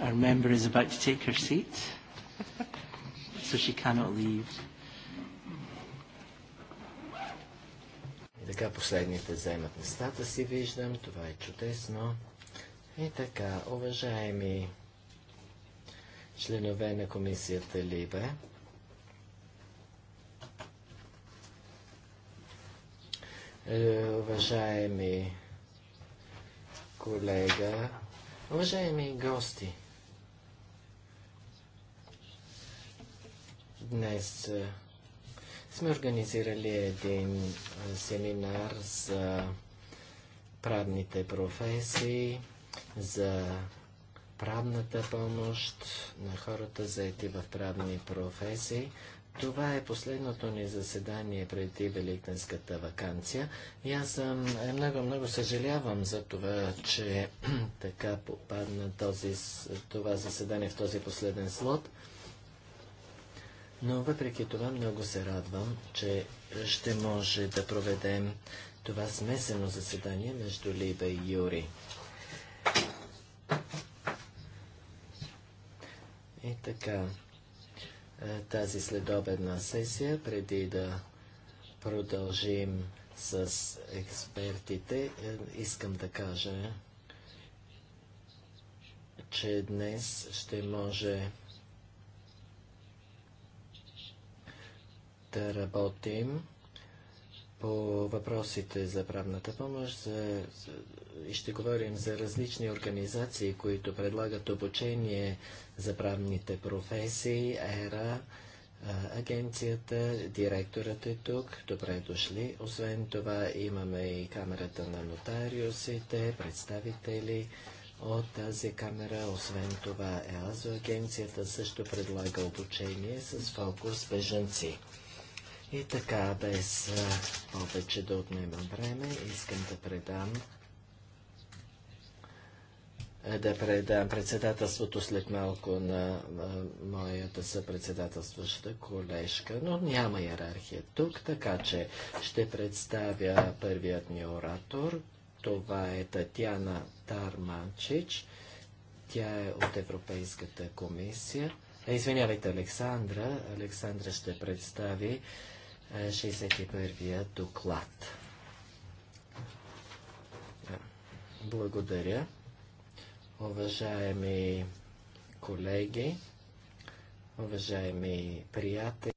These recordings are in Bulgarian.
Our member is about to take her seat, so she cannot leave. И така последните вземат местата си, виждам. Това е чудесно. И така, уважаеми членове на комисията Либе, е, уважаеми колега, уважаеми гости, Днес е, сме организирали един е, семинар за правните професии, за правната помощ на хората заети в правни професии. Това е последното ни заседание преди Великденската вакансия и аз съм много-много е, съжалявам за това, че така попадна този, това заседание в този последен слот. Но въпреки това много се радвам, че ще може да проведем това смесено заседание между Либа и Юри. И така, е, тази следобедна сесия, преди да продължим с експертите, е, искам да кажа, че днес ще може да работим по въпросите за правната помощ за, и ще говорим за различни организации, които предлагат обучение за правните професии, ЕРА, агенцията, директорът е тук, добре дошли. Освен това имаме и камерата на нотариусите, представители от тази камера. Освен това ЕАЗО агенцията също предлага обучение с фокус беженци. И така, без повече да отнемам време, искам да предам да предам председателството след малко на моята съпредседателстваща колежка, но няма иерархия тук, така че ще представя първият ни оратор. Това е Татьяна Тарманчич. Тя е от Европейската комисия. Е, извинявайте, Александра. Александра ще представи 61-я е, доклад. Е, благодаря. Уважаеми колеги, уважаеми приятели,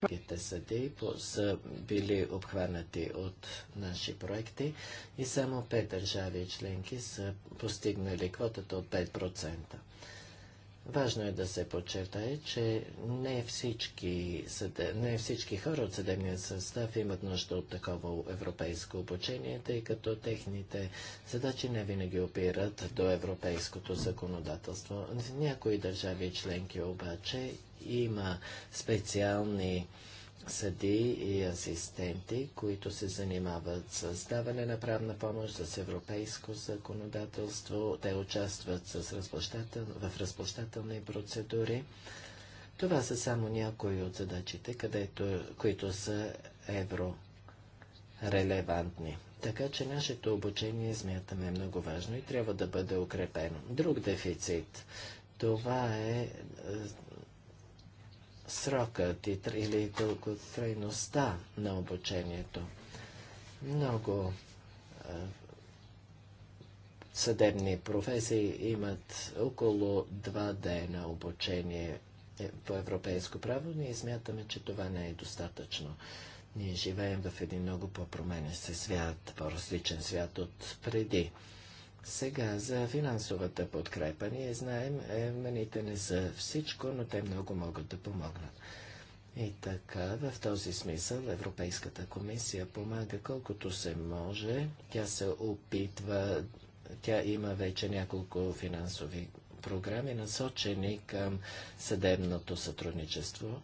Българските съди са били обхванати от наши проекти и само 5 държави членки са постигнали квотата от 5%. Важно е да се подчертае, че не всички, съде... не всички хора от съдебния състав имат нужда от такова европейско обучение, тъй като техните задачи не винаги опират до европейското законодателство. В някои държави членки обаче има специални съдии и асистенти, които се занимават с даване на правна помощ с европейско законодателство. Те участват с разплащател... в разплащателни процедури. Това са само някои от задачите, където... които са еврорелевантни. Така че нашето обучение смятаме много важно и трябва да бъде укрепено. Друг дефицит. Това е, е срокът или дълготрайността на обучението. Много съдебни професии имат около два дена обучение по европейско право. Ние смятаме, че това не е достатъчно. Ние живеем в един много по-променен се свят, по-различен свят от преди. Сега за финансовата подкрепа. Ние знаем, е, мените не са всичко, но те много могат да помогнат. И така, в този смисъл Европейската комисия помага колкото се може. Тя се опитва, тя има вече няколко финансови програми, насочени към съдебното сътрудничество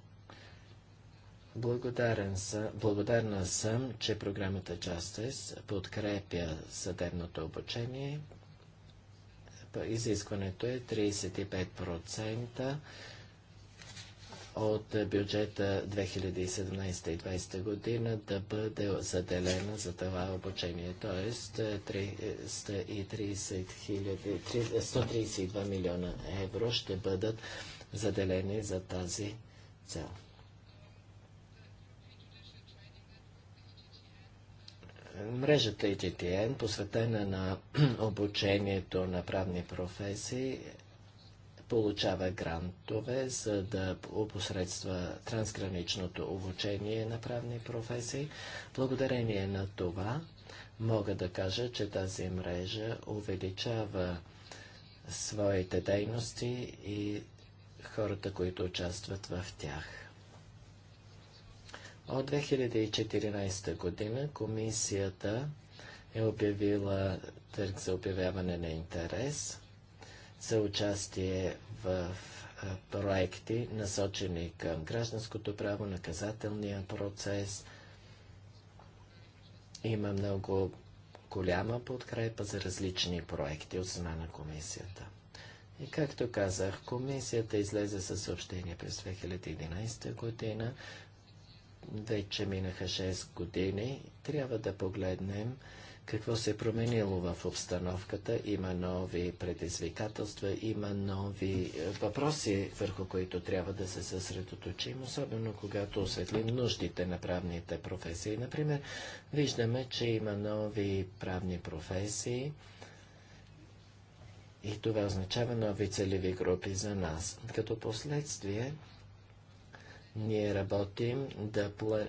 Благодарен благодарна съм, че програмата Justice подкрепя съдебното обучение. Изискването е 35% от бюджета 2017 и 2020 година да бъде заделена за това обучение, е, е, т.е. 132 е, милиона евро ще бъдат заделени за тази цел. мрежата ETTN, е посветена на обучението на правни професии, получава грантове, за да опосредства трансграничното обучение на правни професии. Благодарение на това мога да кажа, че тази мрежа увеличава своите дейности и хората, които участват в тях. От 2014 година комисията е обявила търг за обявяване на интерес за участие в проекти, насочени към гражданското право, наказателния процес. Има много голяма подкрепа за различни проекти от страна на комисията. И както казах, комисията излезе със съобщение през 2011 година вече минаха 6 години. Трябва да погледнем какво се е променило в обстановката. Има нови предизвикателства, има нови е, въпроси, върху които трябва да се съсредоточим, особено когато осветлим нуждите на правните професии. Например, виждаме, че има нови правни професии и това означава нови целеви групи за нас. Като последствие, ние работим да пла...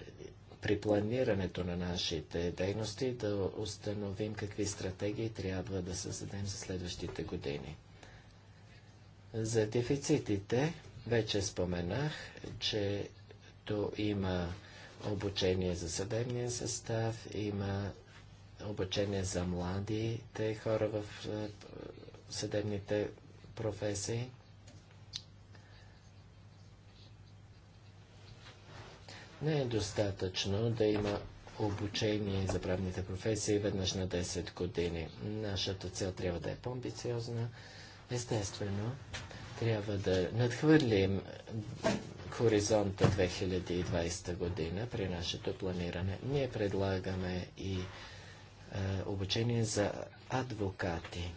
при планирането на нашите дейности да установим какви стратегии трябва да създадем за следващите години. За дефицитите вече споменах, че то има обучение за съдебния състав, има обучение за младите хора в е, съдебните професии. Не е достатъчно да има обучение за правните професии веднъж на 10 години. Нашата цел трябва да е по-амбициозна. Естествено, трябва да надхвърлим хоризонта 2020 година при нашето планиране. Ние предлагаме и е, обучение за адвокати.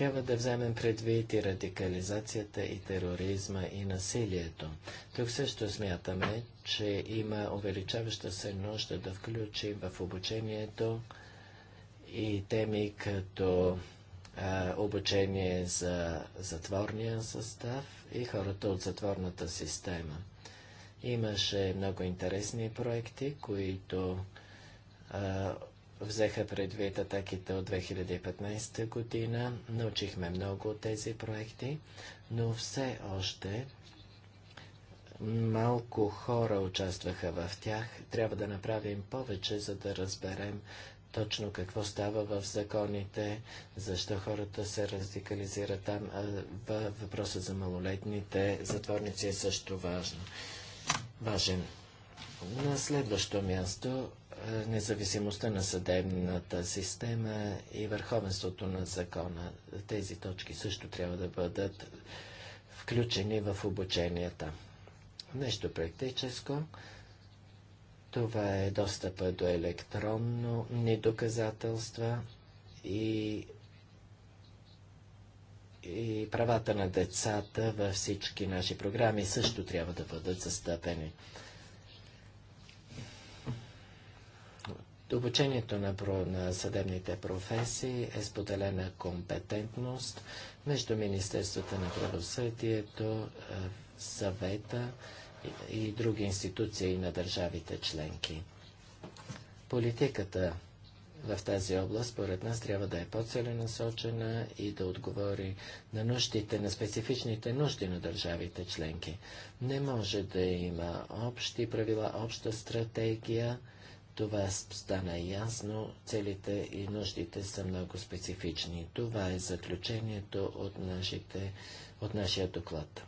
Трябва да вземем предвид и радикализацията, и тероризма, и насилието. Тук също смятаме, че има увеличаваща се нужда да включим в обучението и теми като а, обучение за затворния състав и хората от затворната система. Имаше много интересни проекти, които а, взеха предвид атаките от 2015 година. Научихме много от тези проекти, но все още малко хора участваха в тях. Трябва да направим повече, за да разберем точно какво става в законите, защо хората се радикализират там. Въпросът за малолетните затворници е също важно. важен. На следващо място независимостта на съдебната система и върховенството на закона. Тези точки също трябва да бъдат включени в обученията. Нещо практическо. Това е достъпа до електронни доказателства и, и правата на децата във всички наши програми също трябва да бъдат застъпени. Обучението на, на съдебните професии е споделена компетентност между Министерството на правосъдието, е, съвета и, и други институции на държавите членки. Политиката в тази област, според нас, трябва да е по-целенасочена и да отговори на нуждите, на специфичните нужди на държавите членки. Не може да има общи правила, обща стратегия, това стана ясно, целите и нуждите са много специфични. Това е заключението от, нашите, от нашия доклад.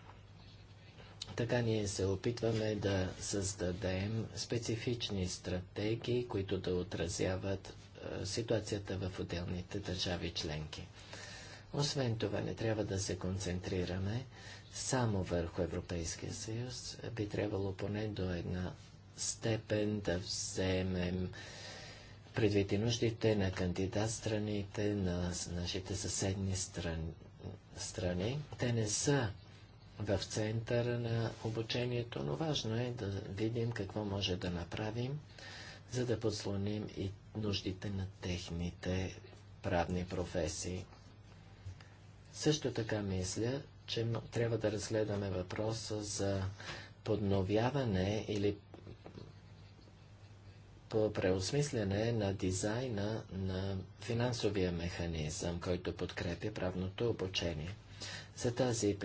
Така ние се опитваме да създадем специфични стратегии, които да отразяват е, ситуацията в отделните държави членки. Освен това, не трябва да се концентрираме само върху Европейския съюз. Е, би трябвало поне до една степен да вземем предвид и нуждите на кандидат страните, на нашите съседни страни. страни. Те не са в центъра на обучението, но важно е да видим какво може да направим, за да подслоним и нуждите на техните правни професии. Също така мисля, че трябва да разгледаме въпроса за подновяване или по преосмислене на дизайна на финансовия механизъм, който подкрепя правното обучение. За тази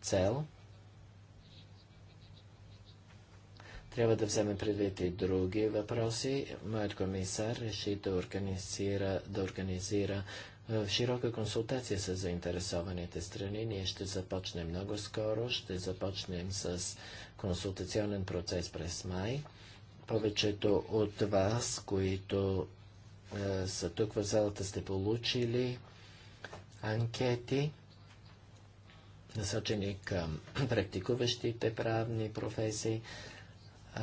цел трябва да вземе предвид и други въпроси. Моят комисар реши да организира, да организира в е, широка консултация с заинтересованите страни. Ние ще започнем много скоро. Ще започнем с консултационен процес през май повечето от вас, които е, са тук в залата, сте получили анкети, насочени към практикуващите правни професии. Е,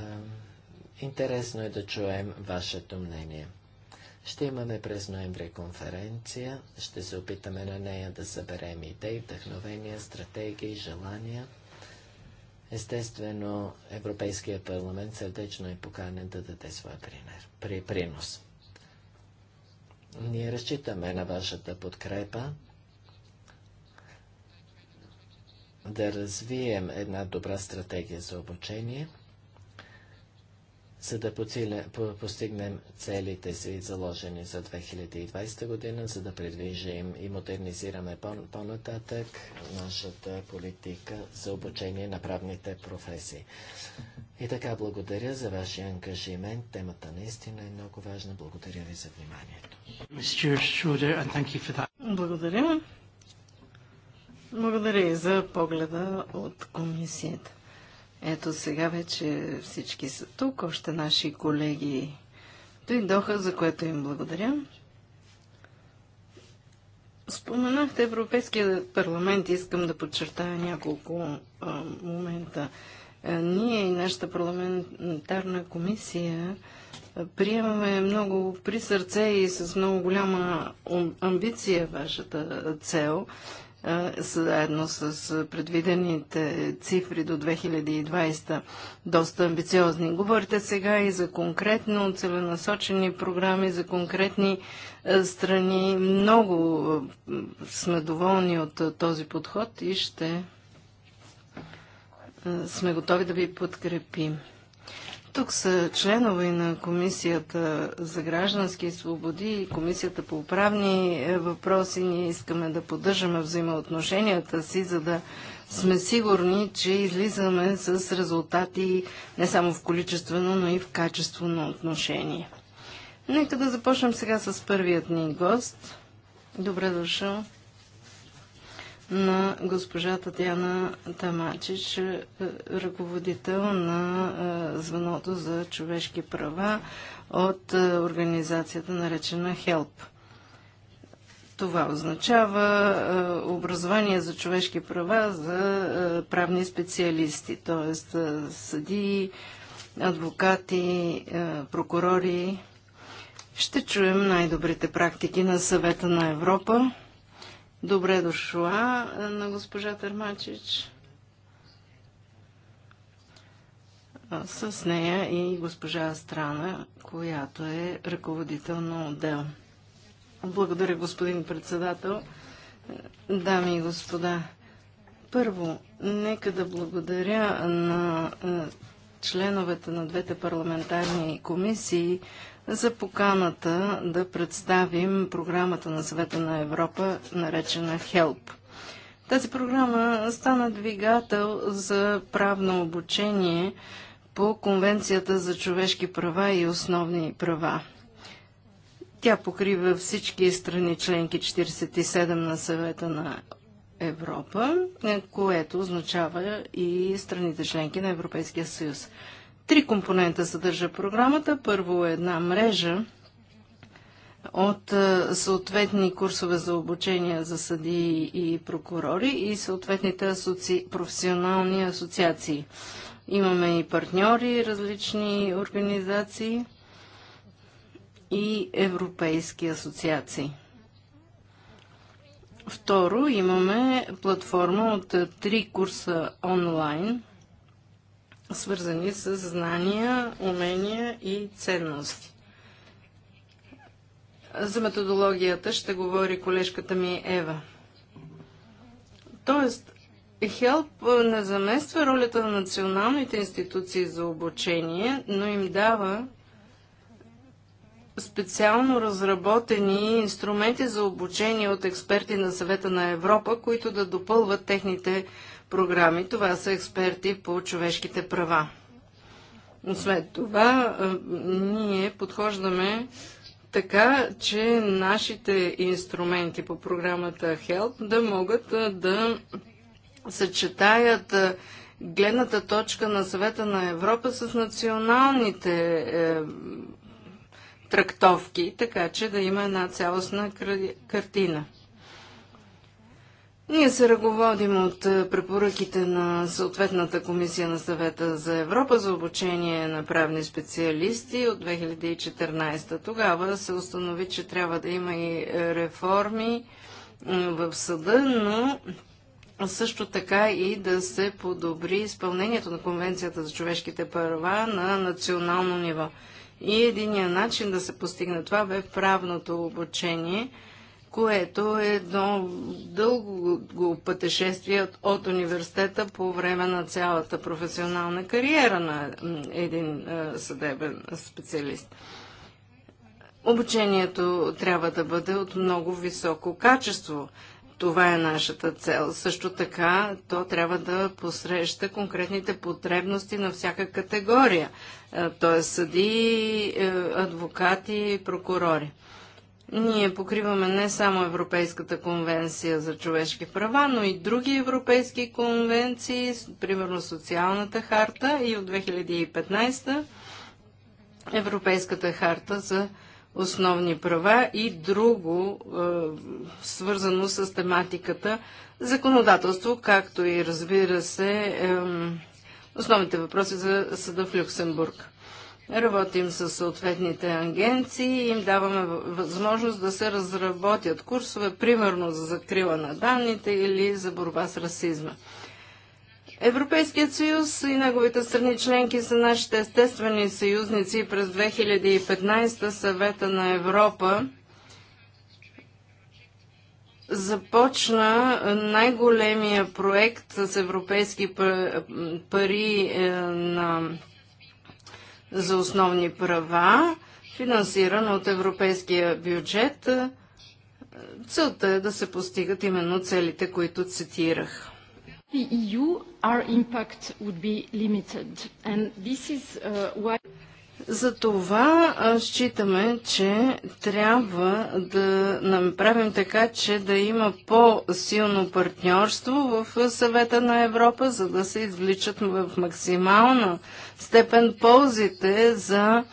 интересно е да чуем вашето мнение. Ще имаме през ноември конференция, ще се опитаме на нея да съберем идеи, вдъхновения, стратегии, желания – Естествено, Европейския парламент сърдечно е поканен да даде своя пример, при принос. Ние разчитаме на вашата подкрепа да развием една добра стратегия за обучение за да постигнем целите си, заложени за 2020 година, за да предвижим и модернизираме по-нататък нашата политика за обучение на правните професии. И така, благодаря за вашия ангажимент. Темата наистина е много важна. Благодаря ви за вниманието. Благодаря. Благодаря и за погледа от комисията. Ето сега вече всички са тук, още наши колеги дойдоха, за което им благодаря. Споменахте Европейския парламент, искам да подчертая няколко а, момента. А, ние и нашата парламентарна комисия приемаме много при сърце и с много голяма амбиция вашата цел е, заедно с предвидените цифри до 2020 доста амбициозни. Говорите сега и за конкретно целенасочени програми, за конкретни е, страни. Много е, сме доволни от този подход и ще сме готови да ви подкрепим. Тук са членове на Комисията за граждански свободи и Комисията по правни е, въпроси. Ние искаме да поддържаме взаимоотношенията си, за да сме сигурни, че излизаме с резултати не само в количествено, но и в качество на отношение. Нека да започнем сега с първият ни гост. Добре дошъл на госпожа Татьяна Тамачич, е, ръководител на е, звеното за човешки права от е, организацията наречена HELP. Това означава образование за човешки права за правни специалисти, т.е. съдии, адвокати, прокурори. Ще чуем най-добрите практики на съвета на Европа. Добре дошла на госпожа Търмачич. С нея и госпожа Страна, която е ръководител на отдел. Благодаря, господин председател. Дами и господа, първо, нека да благодаря на членовете на двете парламентарни комисии за поканата да представим програмата на Съвета на Европа, наречена HELP. Тази програма стана двигател за правно обучение по Конвенцията за човешки права и основни права. Тя покрива всички страни членки 47 на съвета на Европа, което означава и страните членки на Европейския съюз. Три компонента съдържа програмата. Първо е една мрежа от е, съответни курсове за обучение за съдии и прокурори и съответните асоци... професионални асоциации. Имаме и партньори, различни организации и европейски асоциации. Второ, имаме платформа от е, три курса онлайн, свързани с знания, умения и ценности. За методологията ще говори колежката ми Ева. Тоест, Хелп не замества ролята на националните институции за обучение, но им дава специално разработени инструменти за обучение от експерти на съвета на Европа, които да допълват техните програми. Това са експерти по човешките права. Освен това, ние подхождаме така, че нашите инструменти по програмата HELP да могат да съчетаят гледната точка на съвета на Европа с националните е, трактовки, така че да има една цялостна картина. Ние се ръководим от е, препоръките на съответната комисия на съвета за Европа за обучение на правни специалисти от 2014. Тогава се установи, че трябва да има и е, реформи в съда, но също така и да се подобри изпълнението на Конвенцията за човешките права на национално ниво. И единия начин да се постигне това бе правното обучение – което е едно дълго го пътешествие от, от университета по време на цялата професионална кариера на един съдебен специалист. Обучението трябва да бъде от много високо качество. Това е нашата цел. Също така, то трябва да посреща конкретните потребности на всяка категория, т.е. съди, е, адвокати, прокурори. Ние покриваме не само Европейската конвенция за човешки права, но и други европейски конвенции, примерно Социалната харта и от 2015 Европейската харта за основни права и друго, е, свързано с тематиката законодателство, както и разбира се е, основните въпроси за съда в Люксембург. Работим с съответните агенции и им даваме възможност да се разработят курсове, примерно за закрила на данните или за борба с расизма. Европейският съюз и неговите страни членки са нашите естествени съюзници през 2015 съвета на Европа започна най-големия проект с европейски пари е, на за основни права, финансиран от европейския бюджет. Целта е да се постигат именно целите, които цитирах. The EU, our impact would be limited. And this is uh, why... Затова считаме, че трябва да направим така, че да има по-силно партньорство в съвета на Европа, за да се извличат в максимална степен ползите за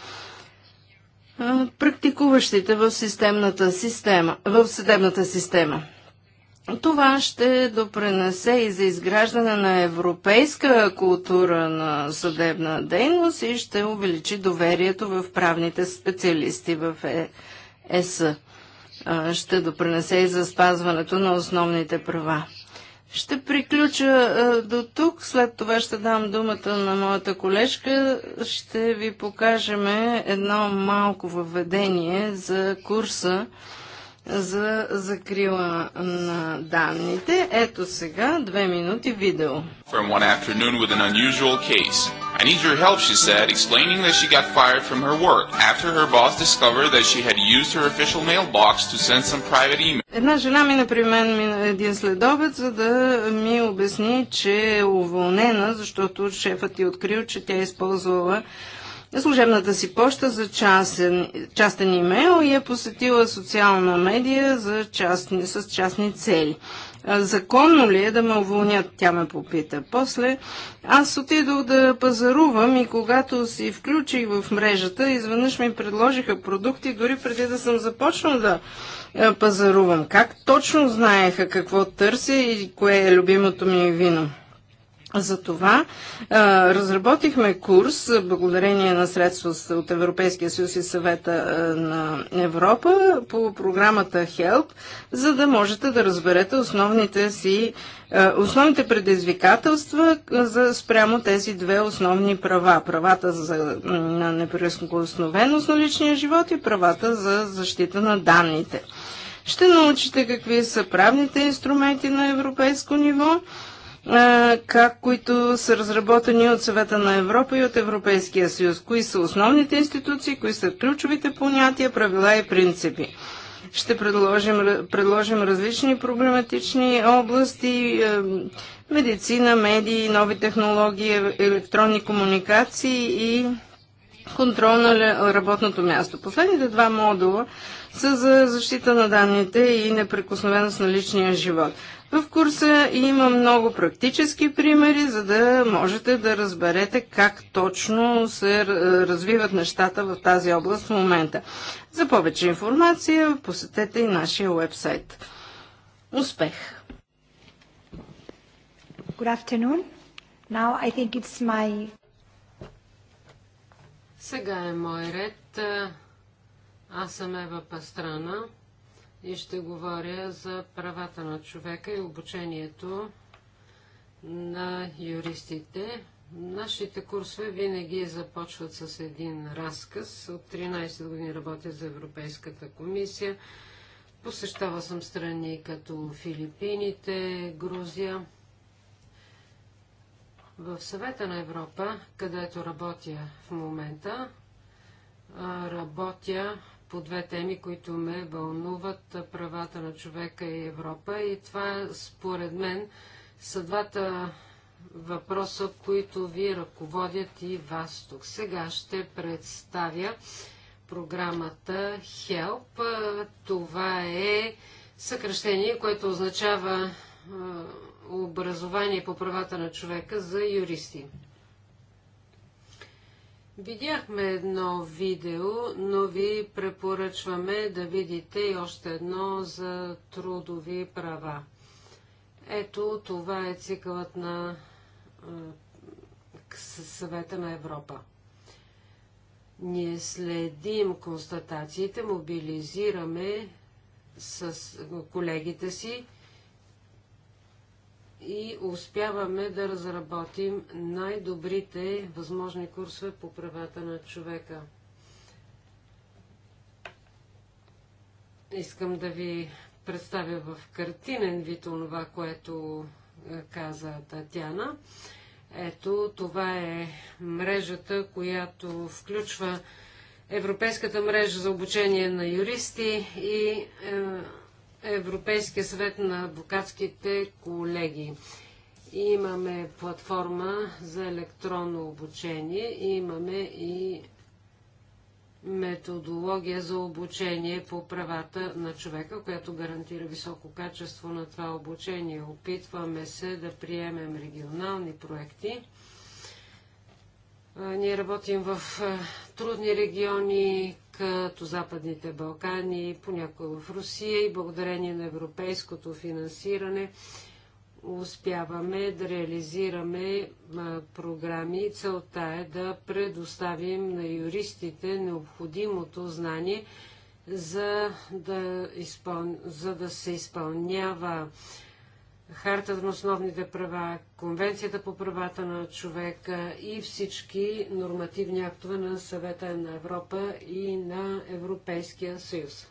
практикуващите в, системната система, в съдебната система. Това ще допренесе и за изграждане на европейска култура на съдебна дейност и ще увеличи доверието в правните специалисти в ЕС. Е ще допренесе и за спазването на основните права. Ще приключа до тук, след това ще дам думата на моята колежка. Ще ви покажем едно малко въведение за курса за закрила на данните. Ето сега две минути видео. From one afternoon with an unusual case. I need your help, she said, explaining that she got fired from her work after her boss discovered that she had her official mailbox to send some private email. Една жена ми, при мина е един следобед, за да ми обясни, че е уволнена, защото шефът е открил, че тя е използвала служебната си почта за частен, частен имейл и е посетила социална медия за частни, с частни цели законно ли е да ме уволнят, тя ме попита. После аз отидох да пазарувам и когато си включих в мрежата, изведнъж ми предложиха продукти, дори преди да съм започнал да пазарувам. Как точно знаеха какво търся и кое е любимото ми вино? Затова а, разработихме курс, благодарение на средства от Европейския съюз и съвета а, на Европа, по програмата HELP, за да можете да разберете основните си а, основните предизвикателства за, спрямо тези две основни права. Правата за, на неприкосновеност на личния живот и правата за защита на данните. Ще научите какви са правните инструменти на европейско ниво, как, които са разработени от Съвета на Европа и от Европейския съюз. Кои са основните институции, кои са ключовите понятия, правила и принципи. Ще предложим, предложим различни проблематични области, е, медицина, медии, нови технологии, е, електронни комуникации и контрол на работното място. Последните два модула са за защита на данните и неприкосновеност на личния живот. В курса има много практически примери, за да можете да разберете как точно се развиват нещата в тази област в момента. За повече информация посетете и нашия вебсайт. Успех! Good afternoon. Now I think it's my... Сега е мой ред. Аз съм Ева Пастрана и ще говоря за правата на човека и обучението на юристите. Нашите курсове винаги започват с един разказ. От 13 години работя за Европейската комисия. Посещава съм страни като Филипините, Грузия. В съвета на Европа, където работя в момента, работя по две теми, които ме вълнуват правата на човека и Европа. И това, според мен, са двата въпроса, които ви ръководят и вас тук. Сега ще представя програмата HELP. Това е съкръщение, което означава образование по правата на човека за юристи. Видяхме едно видео, но ви препоръчваме да видите и още едно за трудови права. Ето, това е цикълът на съвета на Европа. Ние следим констатациите, мобилизираме с колегите си и успяваме да разработим най-добрите възможни курсове по правата на човека. Искам да ви представя в картинен вид това, което е, каза Татяна. Ето, това е мрежата, която включва Европейската мрежа за обучение на юристи и е, Европейския съвет на адвокатските колеги. Имаме платформа за електронно обучение, имаме и методология за обучение по правата на човека, която гарантира високо качество на това обучение. Опитваме се да приемем регионални проекти. Ние работим в трудни региони, като Западните Балкани, понякога в Русия и благодарение на европейското финансиране успяваме да реализираме програми. Целта е да предоставим на юристите необходимото знание, за да, изпъл... за да се изпълнява Хартата на основните права, Конвенцията по правата на човека и всички нормативни актове на Съвета на Европа и на Европейския съюз.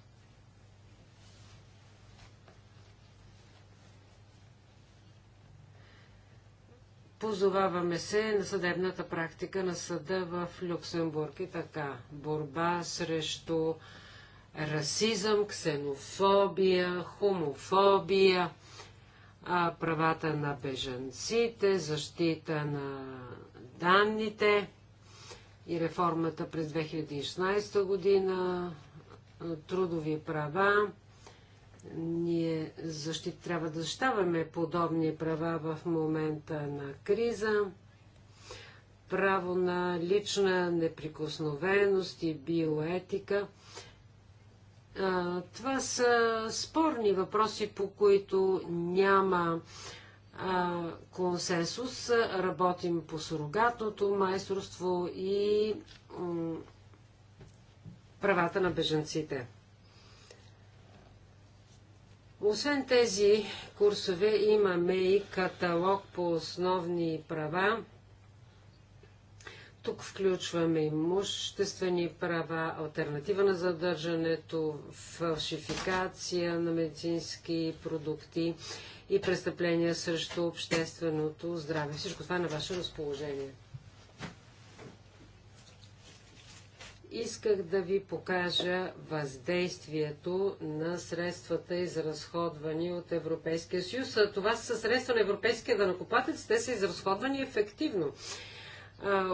Позоваваме се на съдебната практика на съда в Люксембург и така. Борба срещу расизъм, ксенофобия, хомофобия правата на бежанците, защита на данните и реформата през 2016 година, трудови права. Ние защит, трябва да защитаваме подобни права в момента на криза. Право на лична неприкосновеност и биоетика – това са спорни въпроси, по които няма консенсус. Работим по сурогатното майсторство и правата на бежанците. Освен тези курсове имаме и каталог по основни права тук включваме имуществени права, альтернатива на задържането, фалшификация на медицински продукти и престъпления срещу общественото здраве. Всичко това е на ваше разположение. Исках да ви покажа въздействието на средствата, изразходвани от Европейския съюз. Това са средства на европейския данакоплатец. Те са изразходвани ефективно.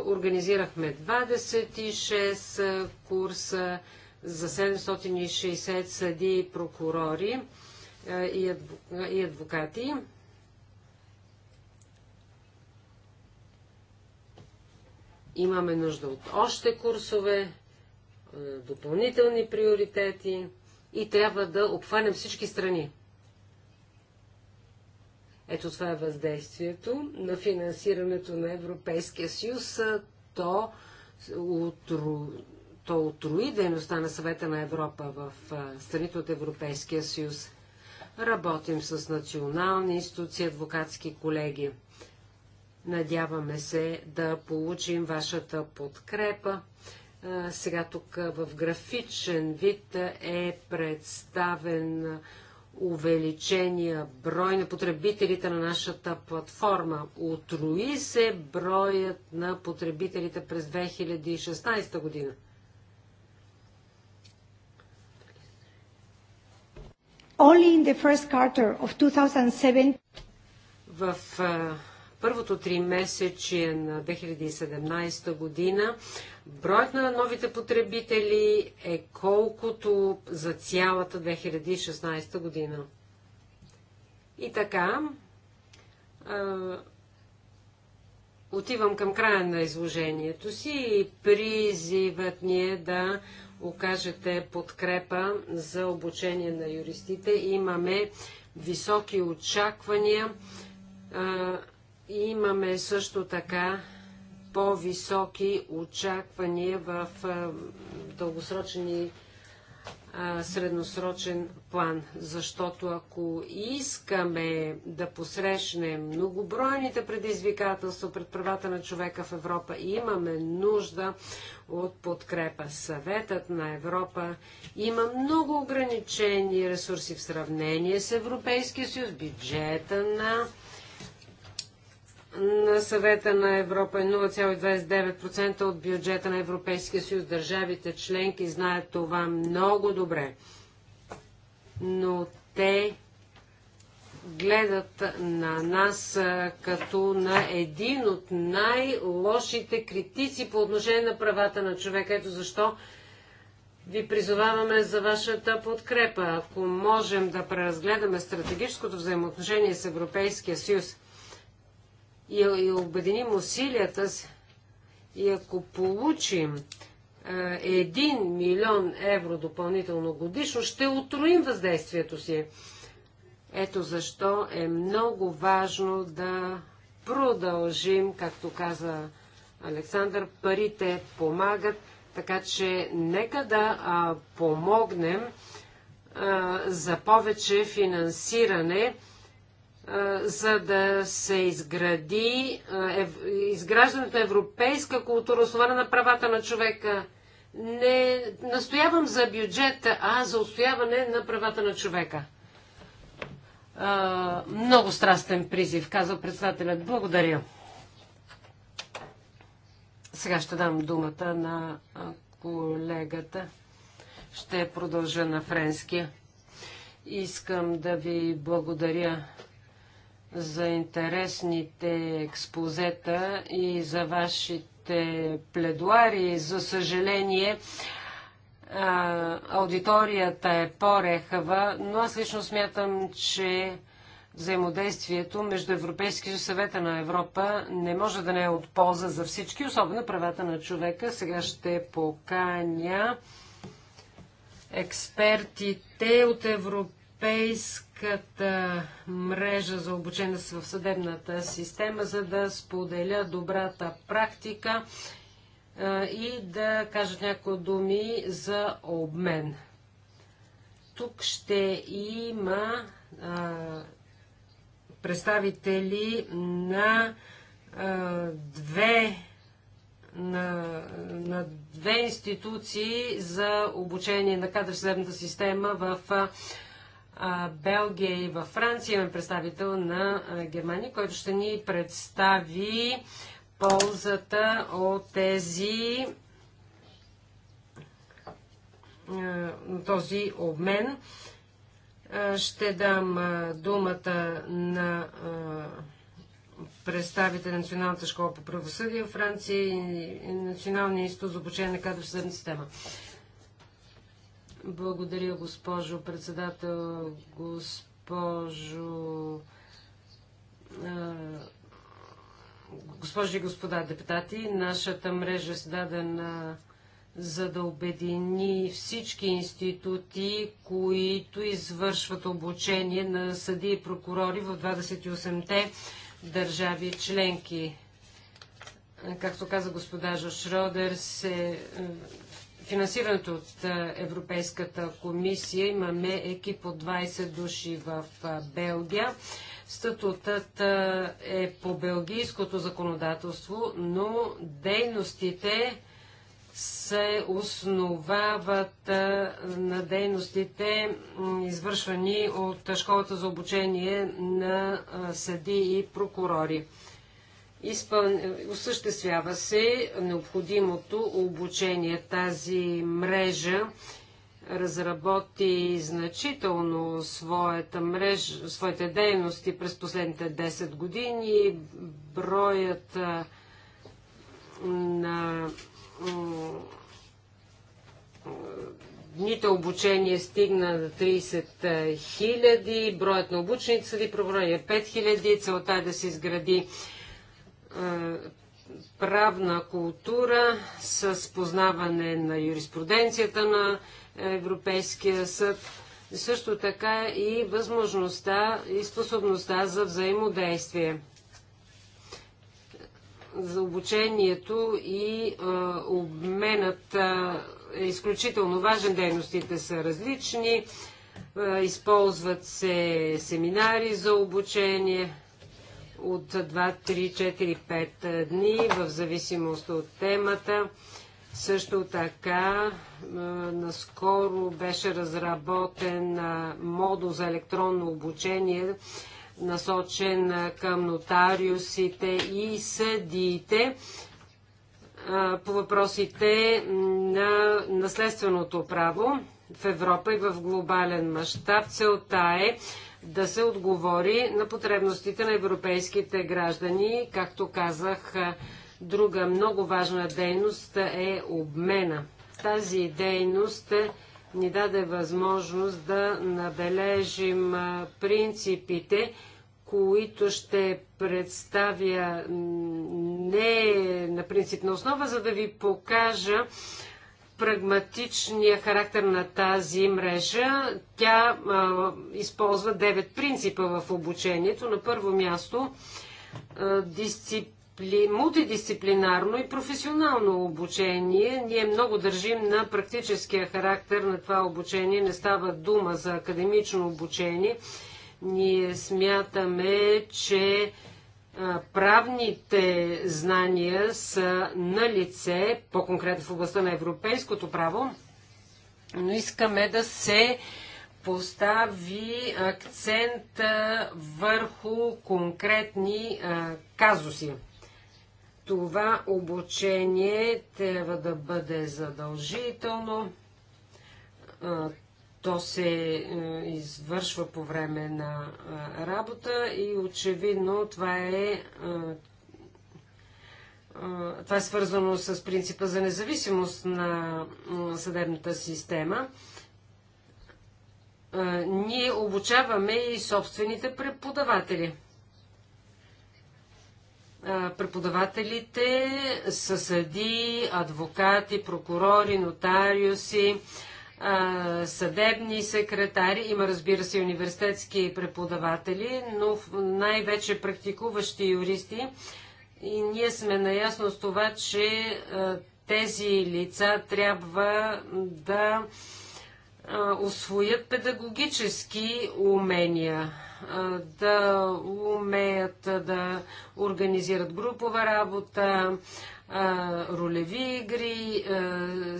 Организирахме 26 курса за 760 съди прокурори и адвокати. Имаме нужда от още курсове, допълнителни приоритети и трябва да обхванем всички страни. Ето това е въздействието на финансирането на Европейския съюз. То, утру, то отруи дейността на съвета на Европа в страните от Европейския съюз. Работим с национални институции, адвокатски колеги. Надяваме се да получим вашата подкрепа. Сега тук в графичен вид е представен увеличения брой на потребителите на нашата платформа. Утрои се броят на потребителите през 2016 година. Only in the first quarter of 2007 в първото три месечие на 2017 година броят на новите потребители е колкото за цялата 2016 година. И така, отивам към края на изложението си и призивът ни е да окажете подкрепа за обучение на юристите. Имаме високи очаквания а, Имаме също така по-високи очаквания в дългосрочен и средносрочен план, защото ако искаме да посрещнем многобройните предизвикателства пред правата на човека в Европа, имаме нужда от подкрепа. Съветът на Европа има много ограничени ресурси в сравнение с Европейския съюз, бюджета на на съвета на Европа е 0,29% от бюджета на Европейския съюз. Държавите членки знаят това много добре. Но те гледат на нас като на един от най-лошите критици по отношение на правата на човека. Ето защо ви призоваваме за вашата подкрепа. Ако можем да преразгледаме стратегическото взаимоотношение с Европейския съюз, и, и обединим усилията си, и ако получим 1 милион евро допълнително годишно, ще утроим въздействието си. Ето защо е много важно да продължим, както каза Александър, парите помагат, така че нека да а, помогнем а, за повече финансиране за да се изгради изграждането на европейска култура, основана на правата на човека. Не настоявам за бюджета, а за отстояване на правата на човека. Много страстен призив, казва председателят. Благодаря. Сега ще дам думата на колегата. Ще продължа на френския. Искам да ви благодаря за интересните експозета и за вашите пледуари. За съжаление, аудиторията е по-рехава, но аз лично смятам, че взаимодействието между Европейския съвет и съвета на Европа не може да не е от полза за всички, особено правата на човека. Сега ще поканя експертите от Европейска Европейската мрежа за обучение в съдебната система, за да споделя добрата практика и да кажат някои думи за обмен. Тук ще има представители на две на, на две институции за обучение на кадър в съдебната система в Белгия и във Франция. Имаме представител на Германия, който ще ни представи ползата от тези този обмен. Ще дам думата на представите на Националната школа по правосъдие в Франция и Националния институт за обучение на кадров съдебна система. Благодаря, госпожо председател, госпожо госпожи и господа депутати, нашата мрежа е създадена за да обедини всички институти, които извършват обучение на съди и прокурори в 28-те държави членки. Както каза господа Жошродер, се финансирането от е, Европейската комисия. Имаме екип от 20 души в е, Белгия. Статутът е, е по белгийското законодателство, но дейностите се основават на дейностите, извършвани от Школата за обучение на съди и прокурори. Осъществява се необходимото обучение. Тази мрежа разработи значително своята мрежа, своите дейности през последните 10 години. Броят на дните обучение стигна на 30 000, броят на са ли проброя 5 000, целта е да се изгради е, правна култура с познаване на юриспруденцията на Европейския съд, също така и възможността и способността за взаимодействие за обучението и е, обменът е, е изключително важен. Дейностите са различни. използват се семинари за обучение от 2, 3, 4, 5 дни, в зависимост от темата. Също така, е, наскоро беше разработен е, модул за електронно обучение, насочен е, към нотариусите и съдиите по въпросите на наследственото право в Европа и в глобален мащаб. Целта е да се отговори на потребностите на европейските граждани. Както казах, друга много важна дейност е обмена. Тази дейност ни даде възможност да набележим принципите, които ще представя не на принципна основа, за да ви покажа прагматичния характер на тази мрежа. Тя а, използва девет принципа в обучението. На първо място а, дисципли... мултидисциплинарно и професионално обучение. Ние много държим на практическия характер на това обучение. Не става дума за академично обучение. Ние смятаме, че правните знания са на лице, по-конкретно в областта на европейското право, но искаме да се постави акцент върху конкретни казуси. Това обучение трябва да бъде задължително. То се е, извършва по време на е, работа и очевидно това е, е това е свързано с принципа за независимост на съдебната система. Ние обучаваме и собствените преподаватели. Преподавателите са съди, адвокати, прокурори, нотариуси, съдебни секретари, има разбира се университетски преподаватели, но най-вече практикуващи юристи. И ние сме наясно с това, че тези лица трябва да освоят педагогически умения, да умеят да организират групова работа, ролеви игри,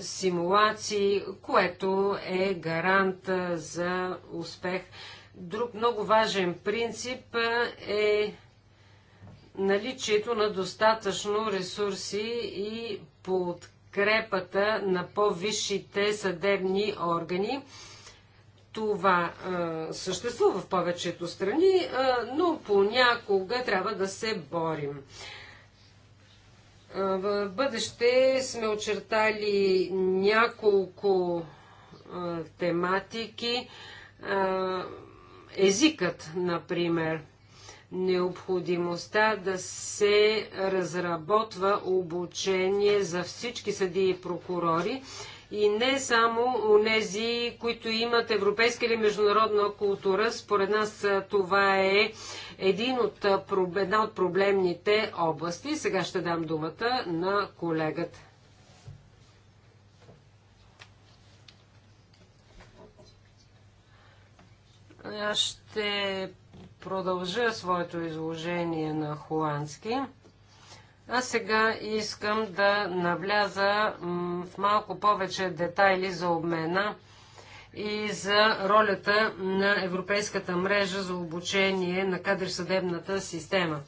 симулации, което е гарант за успех. Друг много важен принцип е наличието на достатъчно ресурси и подкрепа подкрепата на по-висшите съдебни органи. Това съществува в повечето страни, но понякога трябва да се борим. В бъдеще сме очертали няколко тематики. Езикът, например необходимостта да се разработва обучение за всички съдии и прокурори и не само у нези, които имат европейска или международна култура. Според нас това е един от, една от проблемните области. Сега ще дам думата на колегата. Аз ще продължа своето изложение на холандски. А сега искам да навляза в малко повече детайли за обмена и за ролята на Европейската мрежа за обучение на кадри съдебната система.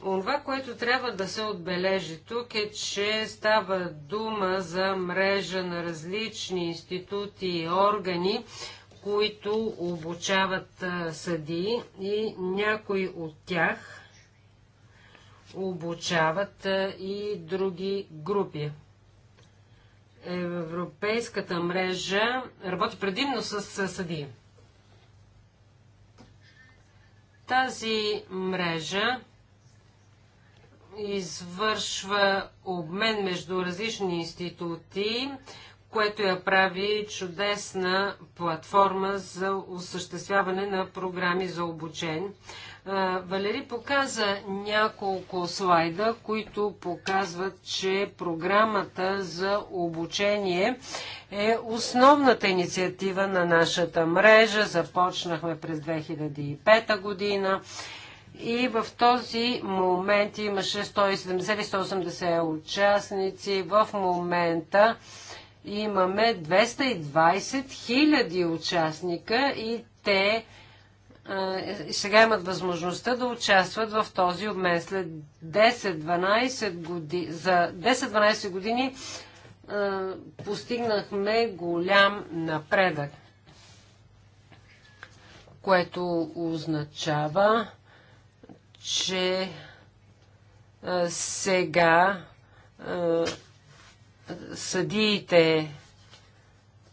Това, което трябва да се отбележи тук е, че става дума за мрежа на различни институти и органи, които обучават съди и някои от тях обучават и други групи. Европейската мрежа работи предимно с съди. Тази мрежа извършва обмен между различни институти, което я прави чудесна платформа за осъществяване на програми за обучен. Валери показа няколко слайда, които показват, че програмата за обучение е основната инициатива на нашата мрежа. Започнахме през 2005 година. И в този момент имаше 170-180 участници. В момента имаме 220 хиляди участника и те сега имат възможността да участват в този обмен. След 10-12 години, за 10-12 години постигнахме голям напредък, което означава, че сега съдиите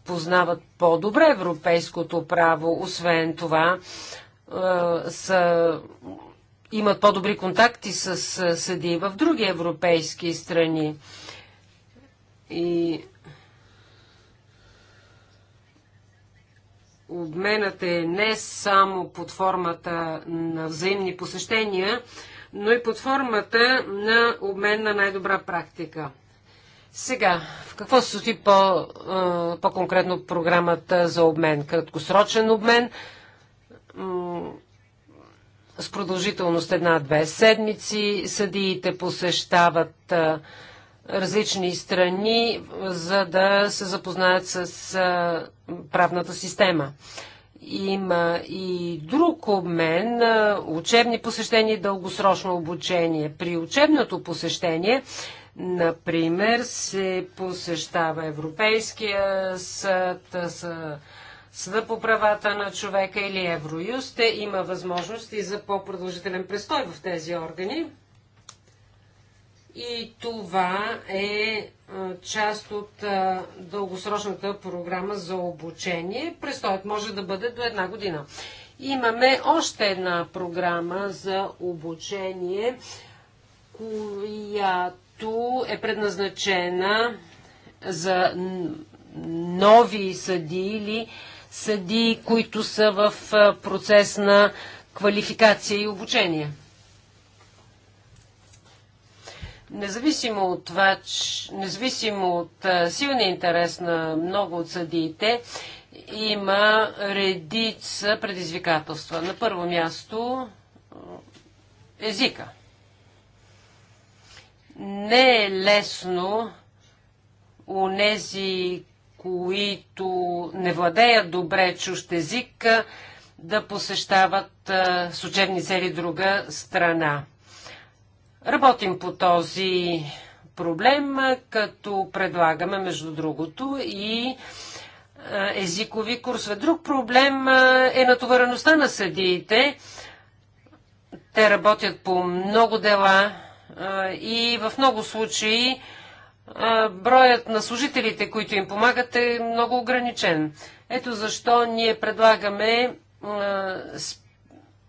познават по-добре европейското право, освен това е, са, имат по-добри контакти с съдии в други европейски страни. И обменът е не само под формата на взаимни посещения, но и под формата на обмен на най-добра практика. Сега, в какво се състои по, по-конкретно програмата за обмен? Краткосрочен обмен с продължителност една-две седмици. Съдиите посещават различни страни, за да се запознаят с правната система. Има и друг обмен, учебни посещения и дългосрочно обучение. При учебното посещение Например, се посещава Европейския съд, Съда по правата на човека или Евроюст. има възможности за по-продължителен престой в тези органи. И това е част от дългосрочната програма за обучение. Престоят може да бъде до една година. Имаме още една програма за обучение, която която е предназначена за нови съди или съди, които са в процес на квалификация и обучение. Независимо от това, че, независимо от силния интерес на много от съдиите, има редица предизвикателства. На първо място езика. Не е лесно у нези, които не владеят добре чужд език, да посещават с учебни цели друга страна. Работим по този проблем, като предлагаме, между другото, и езикови курсове. Друг проблем е натовареността на съдиите. Те работят по много дела, и в много случаи броят на служителите, които им помагат, е много ограничен. Ето защо ние предлагаме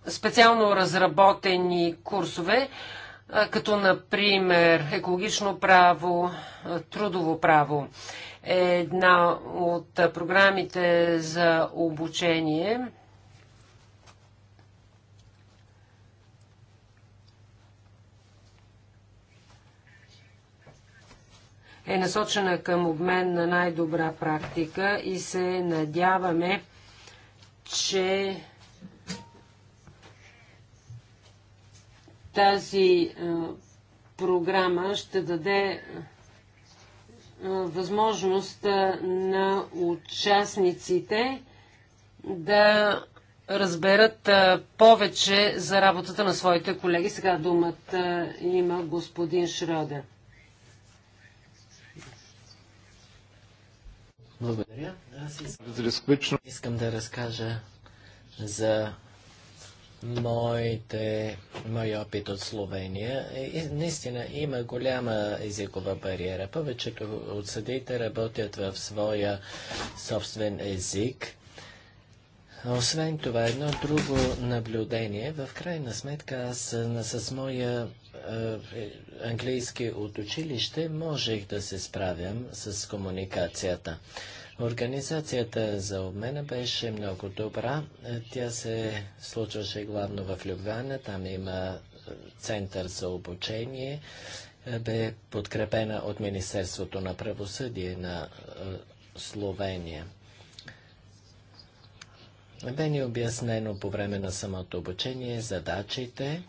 специално разработени курсове, като например екологично право, трудово право. Една от програмите за обучение е насочена към обмен на най-добра практика и се надяваме, че тази програма ще даде възможност на участниците да разберат повече за работата на своите колеги. Сега думата има господин Шрёдер. Благодаря. Аз искам, искам да разкажа за моите, мой опит от Словения. И, наистина има голяма езикова бариера. Повечето от съдите работят в своя собствен език освен това, едно друго наблюдение, в крайна сметка аз с моя е, английски от училище можех да се справям с комуникацията. Организацията за обмена беше много добра. Е, тя се случваше главно в Любляна. Там има е, център за обучение. Е, бе подкрепена от Министерството на правосъдие на Словения. Бе ни обяснено по време на самото обучение задачите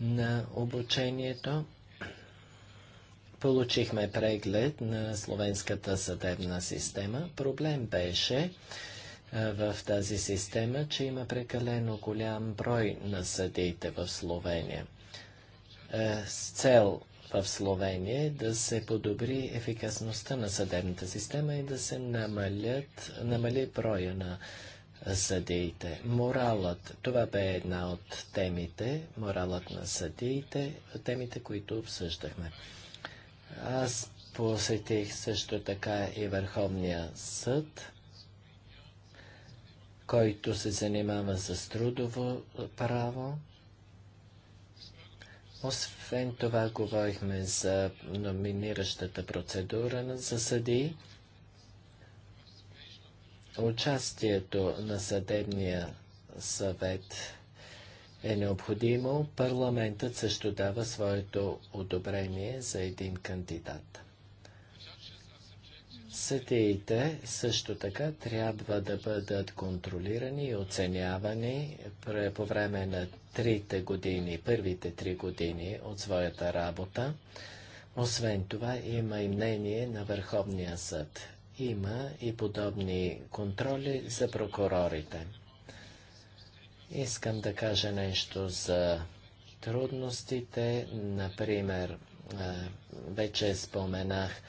на обучението. Получихме преглед на словенската съдебна система. Проблем беше в тази система, че има прекалено голям брой на съдиите в Словения. Е, с цел в Словения е да се подобри ефикасността на съдебната система и да се намалят, намали броя на съдиите. Моралът. Това бе една от темите. Моралът на съдиите. Темите, които обсъждахме. Аз посетих също така и Върховния съд, който се занимава с трудово право. Освен това, говорихме за номиниращата процедура за съдии. Участието на съдебния съвет е необходимо. Парламентът също дава своето одобрение за един кандидат. Съдиите също така трябва да бъдат контролирани и оценявани по време на трите години, първите три години от своята работа. Освен това има и мнение на Върховния съд има и подобни контроли за прокурорите. Искам да кажа нещо за трудностите. Например, вече споменах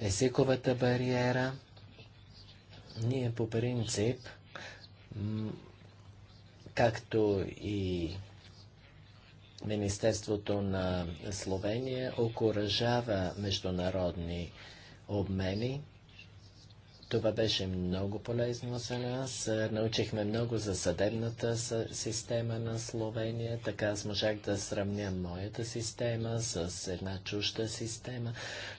езиковата бариера. Ние по принцип, както и Министерството на Словения окоръжава международни обмени. Това беше много полезно за нас. Научихме много за съдебната система на Словения. Така аз можах да сравня моята система с една чужда система.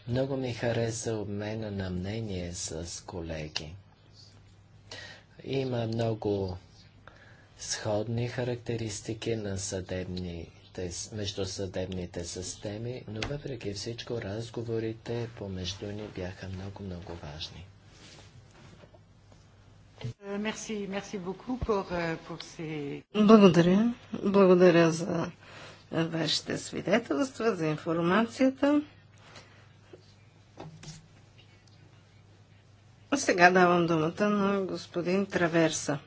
Много ми хареса обмена на мнение с колеги. Има много сходни характеристики на съдебни между съдебните системи, но въпреки всичко разговорите помежду ни бяха много-много важни. Е, е, Благодаря. Благодаря за вашите свидетелства, за информацията. Сега давам думата на господин Траверса.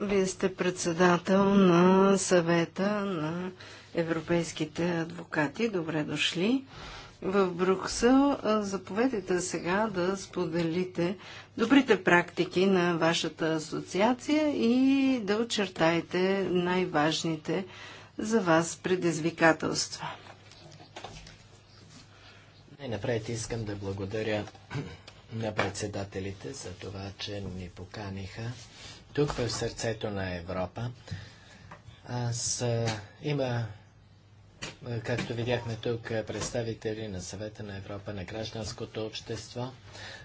Вие сте председател на съвета на европейските адвокати. Добре дошли в Бруксел. Заповедайте сега да споделите добрите практики на вашата асоциация и да очертаете най-важните за вас предизвикателства. Най-напред искам да благодаря на председателите за това, че ни поканиха тук в сърцето на Европа. Аз а, има, както видяхме тук, представители на съвета на Европа, на гражданското общество.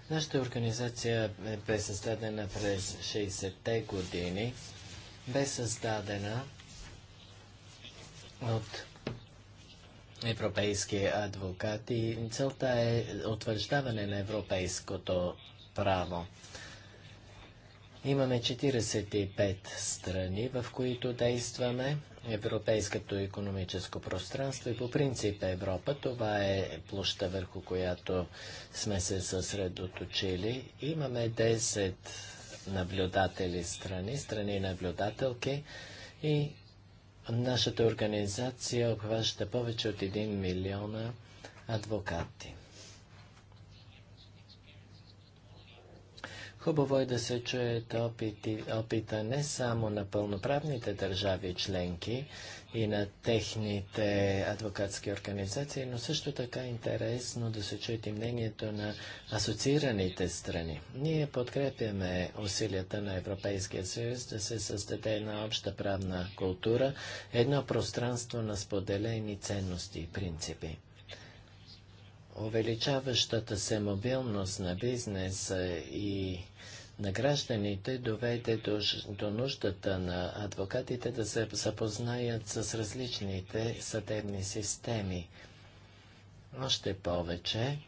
Нашата организация е, бе създадена през 60-те години. Бе създадена от европейски адвокати. Целта е утвърждаване на европейското право. Имаме 45 страни, в които действаме. Европейското економическо пространство и по принцип Европа. Това е площа върху която сме се съсредоточили. Имаме 10 наблюдатели страни, страни наблюдателки и нашата организация обхваща повече от 1 милиона адвокати. Хубаво е да се чуят опити, опита не само на пълноправните държави членки и на техните адвокатски организации, но също така е интересно да се чуят и мнението на асоциираните страни. Ние подкрепяме усилията на Европейския съюз да се създаде една обща правна култура, едно пространство на споделени ценности и принципи. Увеличаващата се мобилност на бизнеса и на гражданите доведе до, до нуждата на адвокатите да се запознаят с различните съдебни системи. Още повече,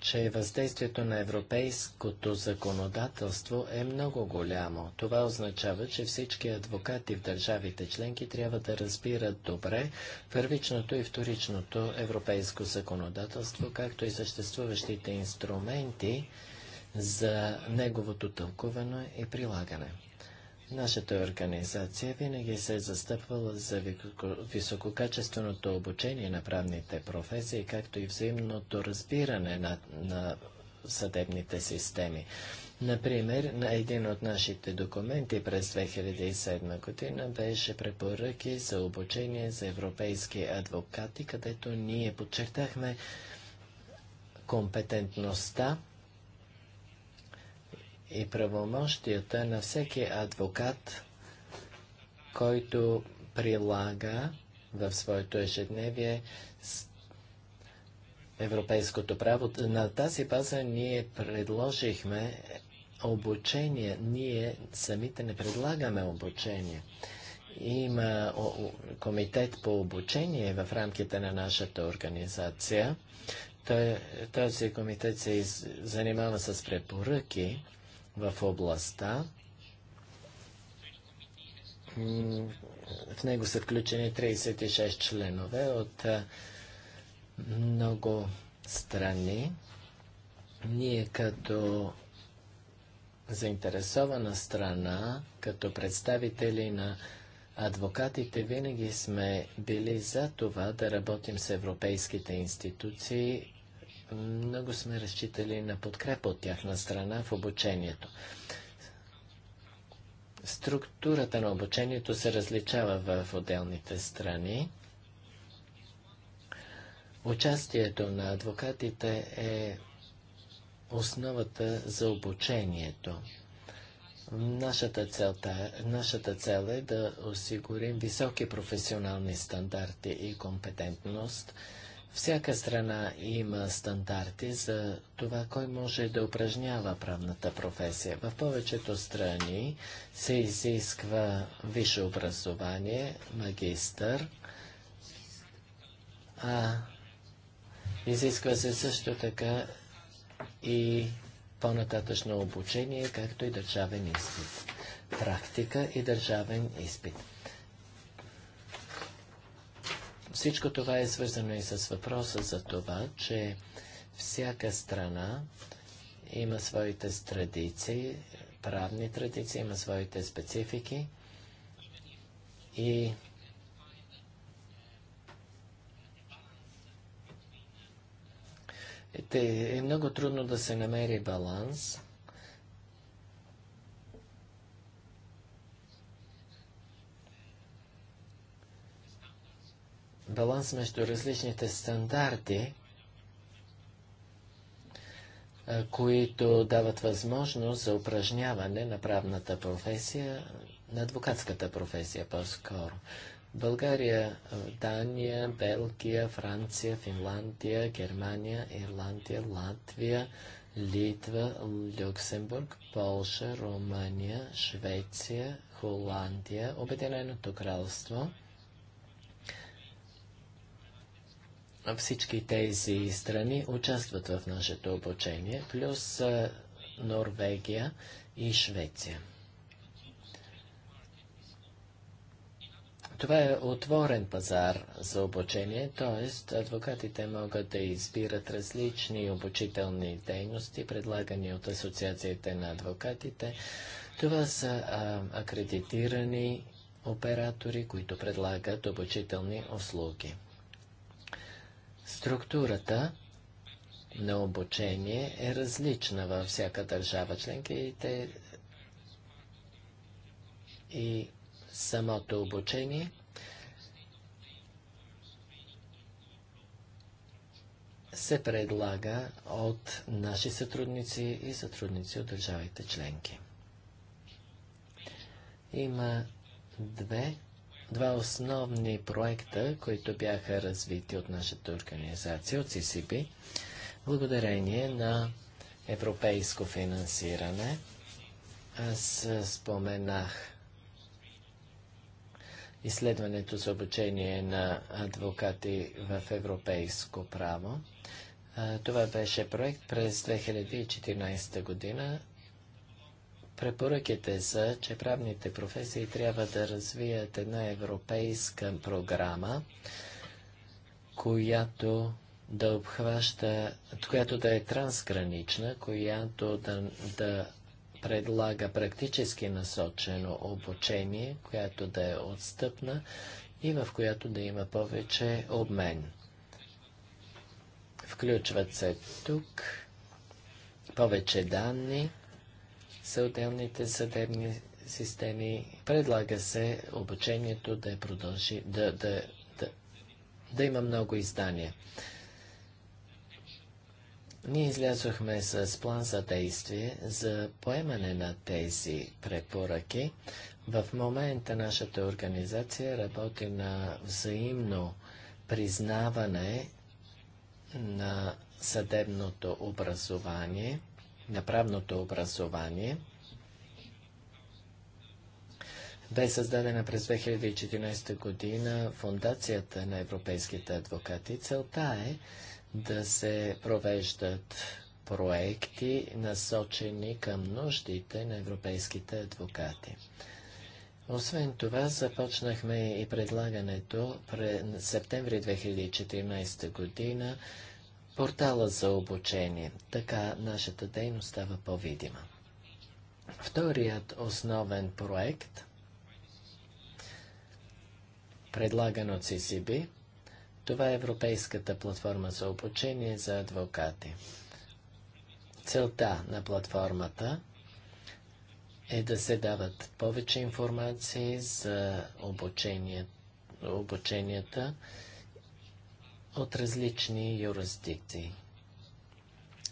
че въздействието на европейското законодателство е много голямо. Това означава, че всички адвокати в държавите членки трябва да разбират добре първичното и вторичното европейско законодателство, както и съществуващите инструменти за неговото тълкуване и прилагане. Нашата организация винаги се е застъпвала за висококачественото обучение на правните професии, както и взаимното разбиране на, на съдебните системи. Например, на един от нашите документи през 2007 година беше препоръки за обучение за европейски адвокати, където ние подчертахме компетентността и правомощията на всеки адвокат, който прилага в своето ежедневие европейското право. На тази база ние предложихме обучение. Ние самите не предлагаме обучение. Има комитет по обучение в рамките на нашата организация. този комитет се занимава с препоръки в областта. В него са включени 36 членове от много страни. Ние като заинтересована страна, като представители на адвокатите, винаги сме били за това да работим с европейските институции много сме разчитали на подкрепа от тяхна страна в обучението. Структурата на обучението се различава в отделните страни. Участието на адвокатите е основата за обучението. Нашата, целта, нашата цел е да осигурим високи професионални стандарти и компетентност – всяка страна има стандарти за това, кой може да упражнява правната професия. В повечето страни се изисква висше образование, магистър, а изисква се също така и по-нататъчно обучение, както и държавен изпит. Практика и държавен изпит. Всичко това е свързано и с въпроса за това, че всяка страна има своите традиции, правни традиции, има своите специфики и е много трудно да се намери баланс баланс между различните стандарти, които дават възможност за упражняване на правната професия, на адвокатската професия по-скоро. България, Дания, Белгия, Франция, Финландия, Германия, Ирландия, Латвия, Литва, Люксембург, Полша, Румъния, Швеция, Холандия, Обединеното кралство – Всички тези страни участват в нашето обучение, плюс Норвегия и Швеция. Това е отворен пазар за обучение, т.е. адвокатите могат да избират различни обучителни дейности, предлагани от асоциациите на адвокатите. Това са а, акредитирани оператори, които предлагат обучителни услуги. Структурата на обучение е различна във всяка държава членка и, те... и самото обучение се предлага от наши сътрудници и сътрудници от държавите членки. Има две два основни проекта, които бяха развити от нашата организация, от CCP, благодарение на европейско финансиране. Аз споменах изследването за обучение на адвокати в европейско право. Това беше проект през 2014 година Препоръките са, че правните професии трябва да развият една европейска програма, която да обхваща, която да е трансгранична, която да, да предлага практически насочено обучение, която да е отстъпна и в която да има повече обмен. Включват се тук повече данни, са отделните съдебни системи. Предлага се обучението да е продължи, да, да, да, да има много издания. Ние излязохме с план за действие за поемане на тези препоръки. В момента нашата организация работи на взаимно признаване на съдебното образование – на правното образование бе създадена през 2014 година Фундацията на европейските адвокати. Целта е да се провеждат проекти, насочени към нуждите на европейските адвокати. Освен това, започнахме и предлагането през септември 2014 година портала за обучение. Така нашата дейност става по-видима. Вторият основен проект, предлаган от CCB, това е Европейската платформа за обучение за адвокати. Целта на платформата е да се дават повече информации за обучение, обученията от различни юрисдикции.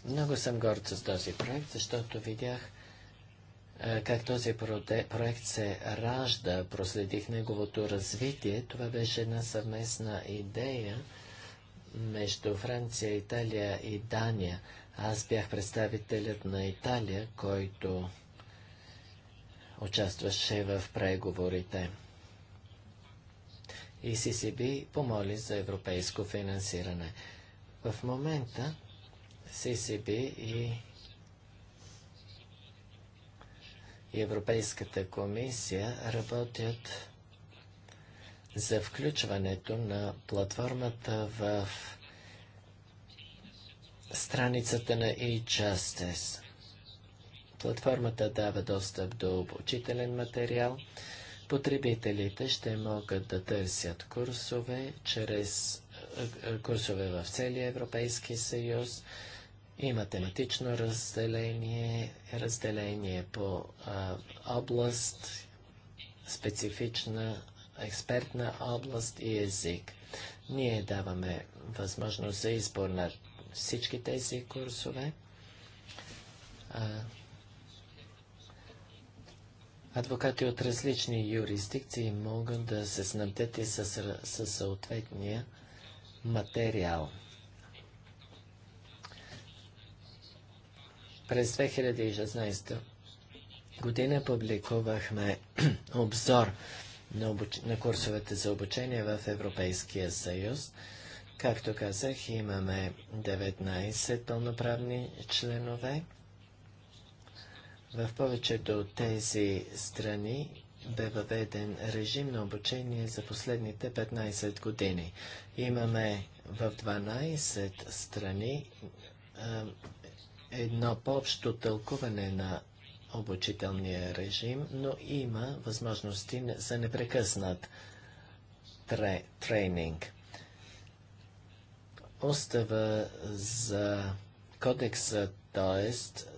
Много съм горд с този проект, защото видях е, как този проект се ражда, проследих неговото развитие. Това беше една съвместна идея между Франция, Италия и Дания. Аз бях представителят на Италия, който участваше в преговорите и CCB помоли за европейско финансиране. В момента CCB и Европейската комисия работят за включването на платформата в страницата на e-Justice. Платформата дава достъп до обучителен материал, Потребителите ще могат да търсят курсове чрез е, е, курсове в целия Европейски съюз и математично разделение, разделение по а, област, специфична експертна област и език. Ние даваме възможност за избор на всички тези курсове. А, Адвокати от различни юрисдикции могат да се снабдят и със съответния материал. През 2016 година публикувахме обзор на, обуч... на курсовете за обучение в Европейския съюз. Както казах, имаме 19 пълноправни членове. В повечето от тези страни бе въведен режим на обучение за последните 15 години. Имаме в 12 страни едно по-общо тълкуване на обучителния режим, но има възможности за непрекъснат тренинг. Остава за кодекса, т.е.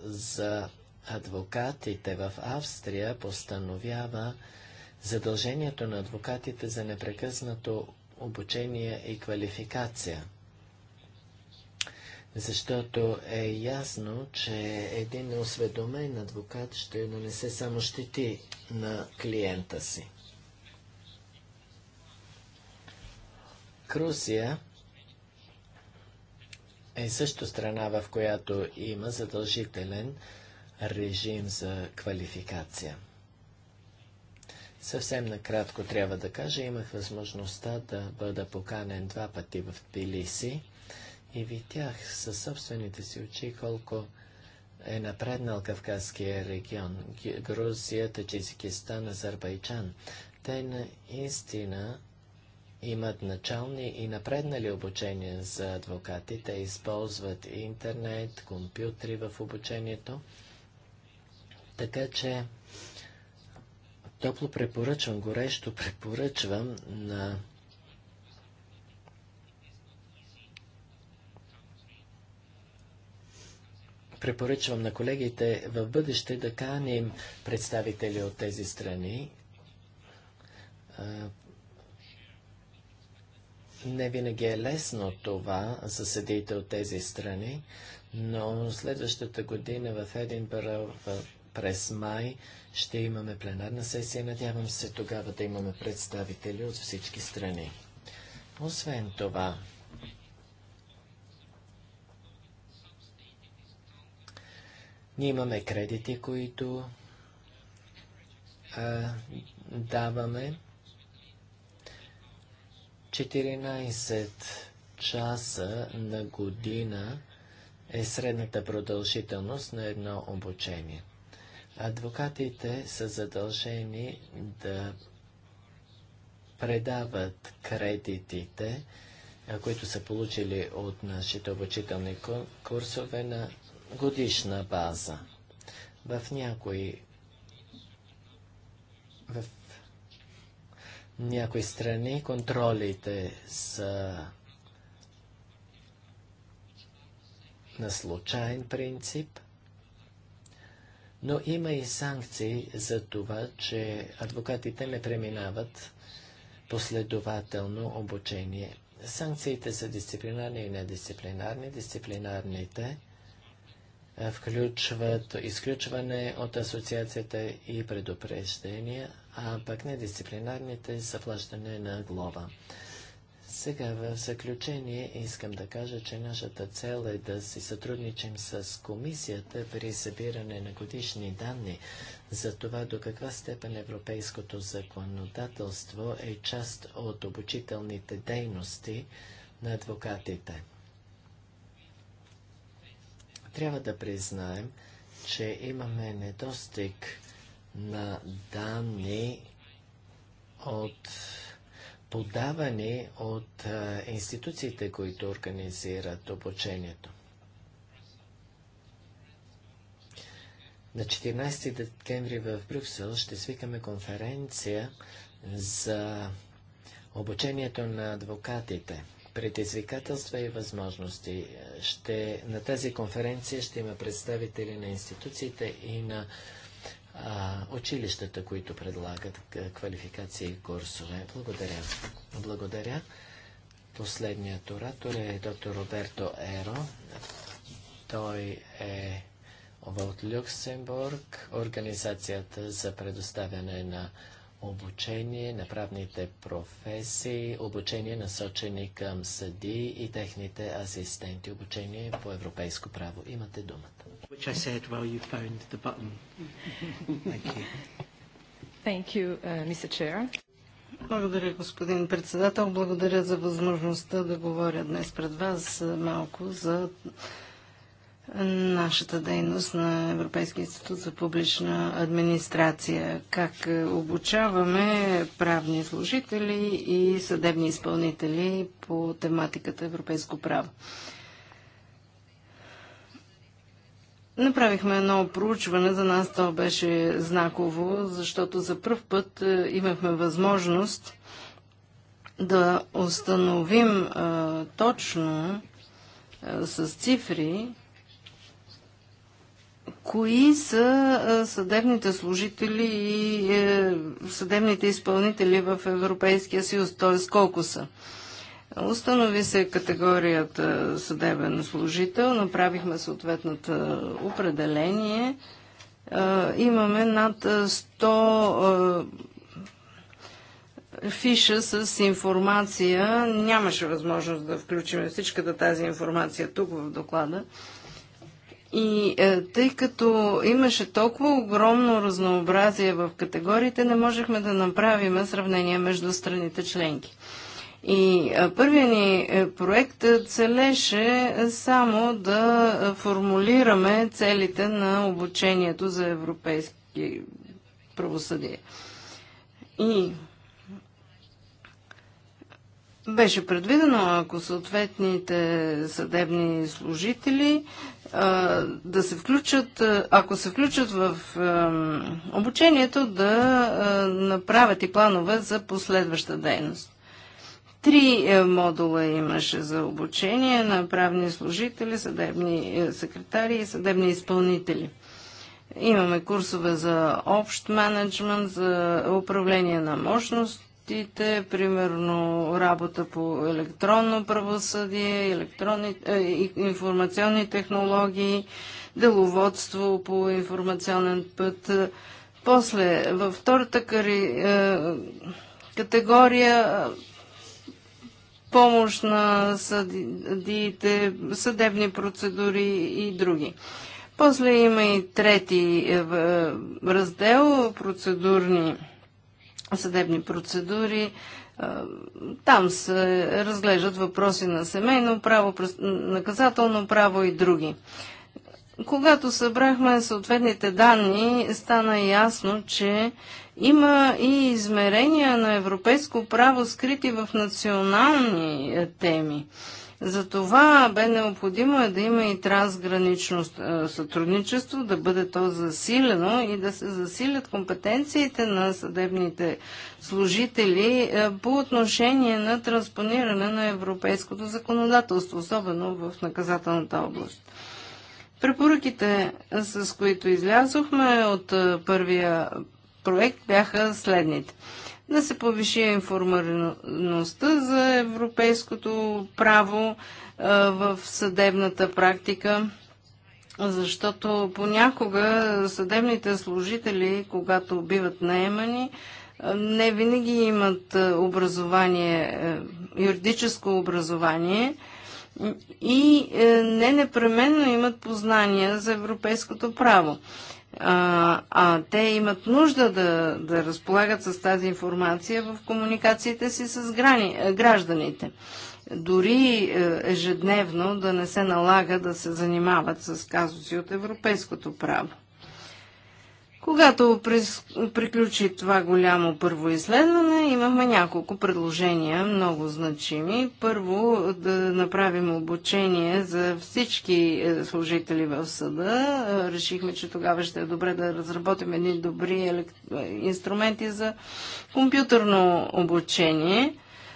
за адвокатите в Австрия постановява задължението на адвокатите за непрекъснато обучение и квалификация. Защото е ясно, че един неосведомен адвокат ще нанесе само щети на клиента си. Крусия е също страна, в която има задължителен режим за квалификация. Съвсем накратко трябва да кажа, имах възможността да бъда поканен два пъти в Тбилиси и видях със собствените си очи колко е напреднал Кавказския регион, Грузия, Таджикистан, Азербайджан. Те наистина имат начални и напреднали обучения за адвокати. Те използват интернет, компютри в обучението. Така че топло препоръчвам, горещо препоръчвам на препоръчвам на колегите в бъдеще да каним представители от тези страни. Не винаги е лесно това за съдиите от тези страни, но следващата година в Единбъра, в през май ще имаме пленарна сесия. Надявам се тогава да имаме представители от всички страни. Освен това, ние имаме кредити, които а, даваме. 14 часа на година е средната продължителност на едно обучение. Адвокатите са задължени да предават кредитите, които са получили от нашите обучителни курсове на годишна база. В някои в някои страни контролите са на случайен принцип – но има и санкции за това, че адвокатите не преминават последователно обучение. Санкциите са дисциплинарни и недисциплинарни. Дисциплинарните включват изключване от асоциацията и предупреждения, а пък недисциплинарните са плащане на глоба. Сега в заключение искам да кажа, че нашата цел е да си сътрудничим с комисията при събиране на годишни данни за това до каква степен европейското законодателство е част от обучителните дейности на адвокатите. Трябва да признаем, че имаме недостиг на данни от подавани от институциите, които организират обучението. На 14 декември в Брюксел ще свикаме конференция за обучението на адвокатите. Предизвикателства и възможности. Ще, на тази конференция ще има представители на институциите и на а, училищата, които предлагат квалификации и курсове. Благодаря. Благодаря. Последният оратор е доктор Роберто Еро. Той е от Люксембург, Организацията за предоставяне на обучение на правните професии, обучение насочени към съди и техните асистенти, обучение по европейско право. Имате думата. Which I said while you found the button. Thank you. Thank you, uh, Mr. Chair. Благодаря, господин председател. Благодаря за възможността да говоря днес пред вас малко за нашата дейност на Европейския институт за публична администрация. Как е, обучаваме правни служители и съдебни изпълнители по тематиката европейско право. Направихме едно проучване, за нас то беше знаково, защото за първ път е, имахме възможност да установим а, е, точно а, е, с цифри кои са съдебните служители и съдебните изпълнители в Европейския съюз, т.е. колко са. Установи се категорията съдебен служител, направихме съответното определение. Имаме над 100 фиша с информация. Нямаше възможност да включим всичката тази информация тук в доклада. И е, тъй като имаше толкова огромно разнообразие в категориите, не можехме да направим сравнение между страните членки. И първият ни е, проект е, целеше е, само да формулираме целите на обучението за европейски правосъдие. И беше предвидено, ако съответните съдебни служители да се включат, ако се включат в обучението, да направят и планове за последваща дейност. Три е, модула имаше за обучение на правни служители, съдебни е, секретари и съдебни изпълнители. Имаме курсове за общ менеджмент, за управление на мощностите, примерно работа по електронно правосъдие, електронни, е, информационни технологии, деловодство по информационен път. После, във втората кари, е, категория помощ на съдиите, съдебни процедури и други. После има и трети е, е, раздел процедурни съдебни процедури. Е, там се разглеждат въпроси на семейно право, наказателно право и други. Когато събрахме съответните данни, стана ясно, че има и измерения на европейско право, скрити в национални е, теми. За това бе необходимо е да има и трансгранично е, сътрудничество, да бъде то засилено и да се засилят компетенциите на съдебните служители е, по отношение на транспониране на европейското законодателство, особено в наказателната област. Препоръките, с които излязохме от първия проект, бяха следните. Да се повиши информираността за европейското право в съдебната практика, защото понякога съдебните служители, когато биват наемани, не винаги имат образование, е, юридическо образование – и е, не непременно имат познания за европейското право. А, а те имат нужда да, да разполагат с тази информация в комуникациите си с грани, е, гражданите. Дори е, ежедневно да не се налага да се занимават с казуси от европейското право. Когато през, приключи това голямо първо изследване, имахме няколко предложения, много значими. Първо, да направим обучение за всички е, служители в съда. Е, решихме, че тогава ще е добре да разработим едни добри елект... Е, инструменти за компютърно обучение.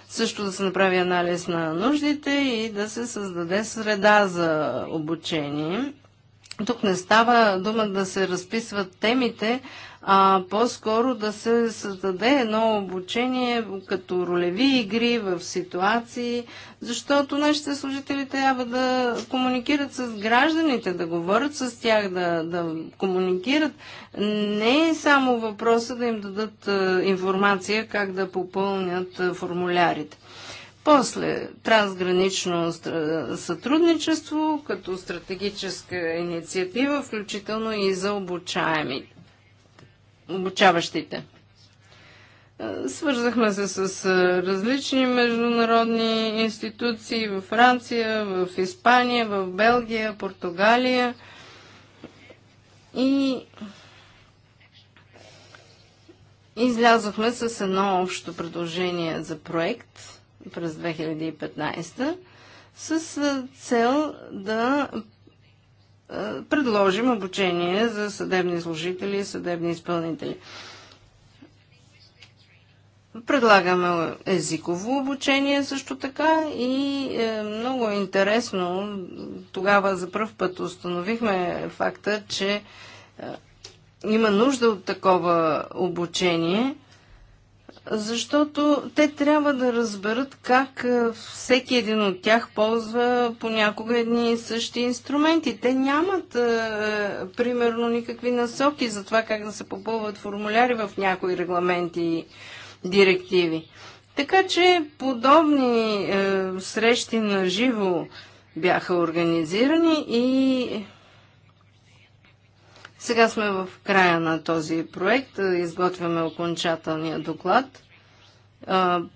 Също да се направи анализ на нуждите и да се създаде среда за обучение тук не става дума да се разписват темите, а по-скоро да се създаде едно обучение като ролеви игри в ситуации, защото нашите служители трябва да комуникират с гражданите, да говорят с тях, да, да комуникират. Не е само въпроса да им дадат е, информация как да попълнят е, формулярите. После трансгранично сътрудничество като стратегическа инициатива, включително и за обучаеми, обучаващите. Свързахме се с различни международни институции във Франция, в Испания, в Белгия, Португалия и излязохме с едно общо предложение за проект – през 2015 с цел да предложим обучение за съдебни служители и съдебни изпълнители. Предлагаме езиково обучение също така и е много интересно, тогава за първ път установихме факта, че е, има нужда от такова обучение защото те трябва да разберат как е, всеки един от тях ползва понякога едни и същи инструменти. Те нямат, е, примерно, никакви насоки за това как да се попълват формуляри в някои регламенти и директиви. Така че подобни е, срещи на живо бяха организирани и сега сме в края на този проект, изготвяме окончателния доклад.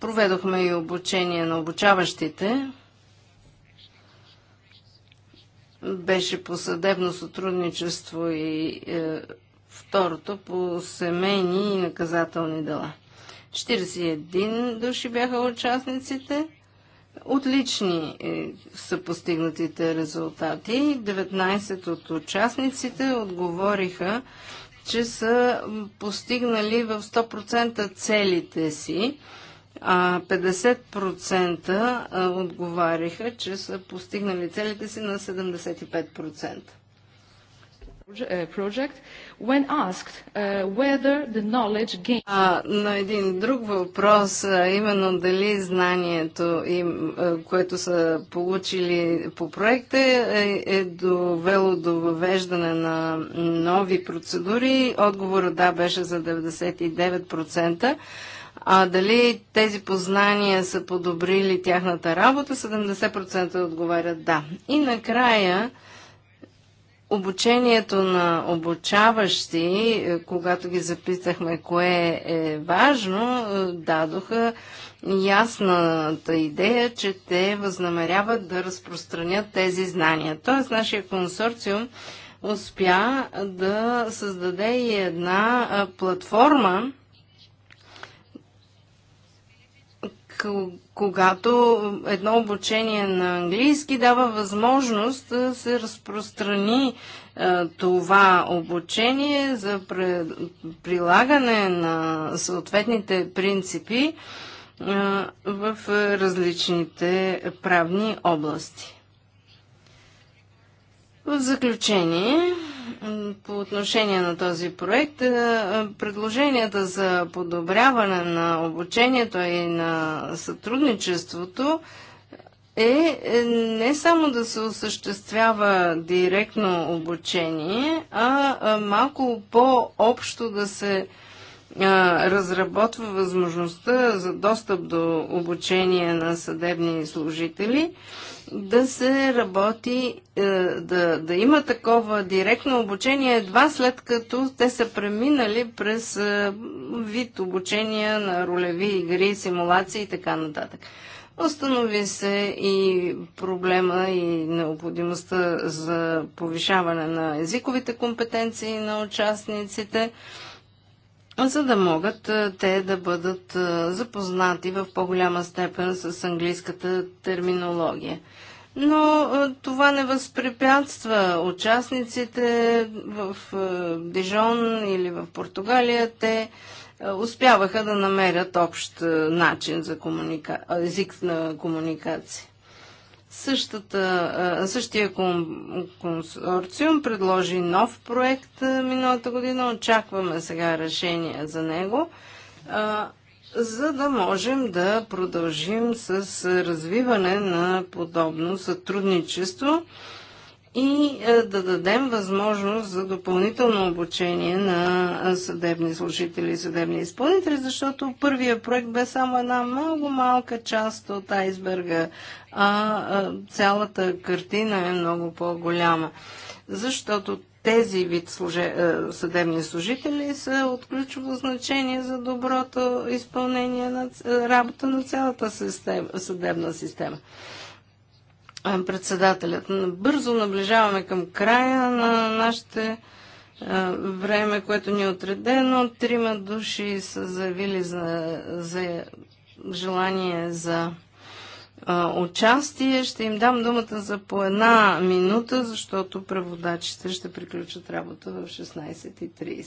Проведохме и обучение на обучаващите. Беше по съдебно сътрудничество и е, второто по семейни и наказателни дела. 41 души бяха участниците. Отлични е, са постигнатите резултати. 19 от участниците отговориха, че са постигнали в 100% целите си, а 50% отговаряха, че са постигнали целите си на 75%. Uh, project when asked uh, whether the knowledge gained... на един друг въпрос, именно дали знанието, им, което са получили по проекта, е, е довело до въвеждане на нови процедури. Отговорът да беше за 99%. А дали тези познания са подобрили тяхната работа, 70% отговарят да. И накрая, обучението на обучаващи, е, когато ги запитахме кое е важно, е, дадоха ясната идея, че те възнамеряват да разпространят тези знания. Тоест, нашия консорциум успя да създаде и една платформа, когато едно обучение на английски дава възможност да се разпространи е, това обучение за прилагане на съответните принципи е, в различните правни области. В заключение, по отношение на този проект. Е, предложенията за подобряване на обучението и на сътрудничеството е, е не само да се осъществява директно обучение, а малко по-общо да се е, разработва възможността за достъп до обучение на съдебни служители – да се работи, е, да, да има такова директно обучение едва след като те са преминали през е, вид обучения на ролеви игри, симулации и така нататък. Останови се и проблема и необходимостта за повишаване на езиковите компетенции на участниците за да могат те да бъдат запознати в по-голяма степен с английската терминология. Но това не възпрепятства участниците в Дижон или в Португалия. Те успяваха да намерят общ начин за комуника... език на комуникация. Същата, същия консорциум предложи нов проект миналата година. Очакваме сега решение за него, за да можем да продължим с развиване на подобно сътрудничество и е, да дадем възможност за допълнително обучение на е, съдебни служители и съдебни изпълнители, защото първия проект бе само една много малка част от айсберга, а е, цялата картина е много по-голяма. Защото тези вид служе... съдебни служители са от ключово значение за доброто изпълнение на работа на цялата съдебна система. Председателят, бързо наближаваме към края на нашите е, време, което ни е отредено. Трима души са заявили за, за желание за а, е, участие. Ще им дам думата за по една минута, защото преводачите ще приключат работа в 16.30.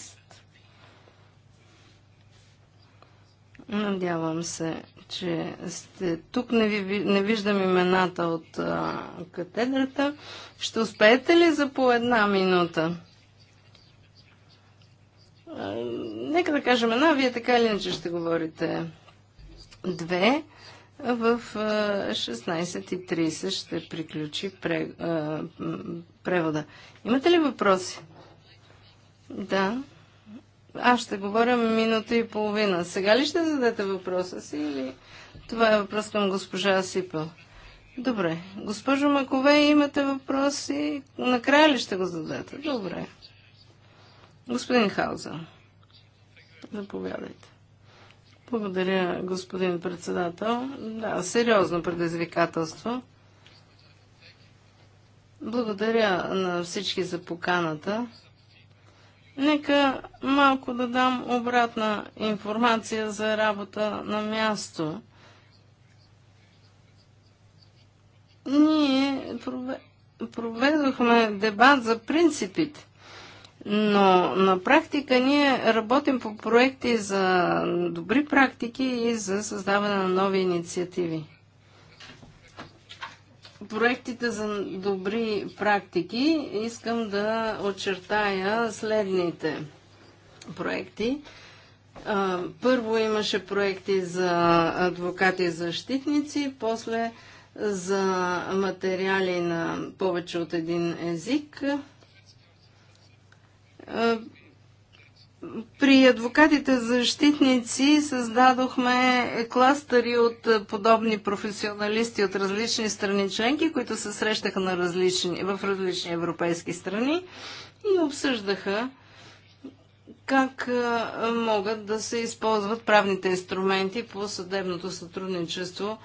Надявам се, че сте тук, не, ви, не виждам имената от а, катедрата. Ще успеете ли за по една минута? А, нека да кажем една, вие така или иначе ще говорите две. В 16.30 ще приключи превода. Имате ли въпроси? Да. Аз ще говоря минута и половина. Сега ли ще зададете въпроса си или... Това е въпрос към госпожа Сипел. Добре. Госпожо Макове, имате въпроси? Накрая ли ще го зададете? Добре. Господин Хауза, заповядайте. Благодаря, господин председател. Да, сериозно предизвикателство. Благодаря на всички за поканата. Нека малко да дам обратна информация за работа на място. Ние проведохме дебат за принципите, но на практика ние работим по проекти за добри практики и за създаване на нови инициативи проектите за добри практики искам да очертая следните проекти. Първо имаше проекти за адвокати и защитници, после за материали на повече от един език. При адвокатите защитници създадохме кластъри от подобни професионалисти от различни страни членки, които се срещаха на различни, в различни европейски страни и обсъждаха как могат да се използват правните инструменти по съдебното сътрудничество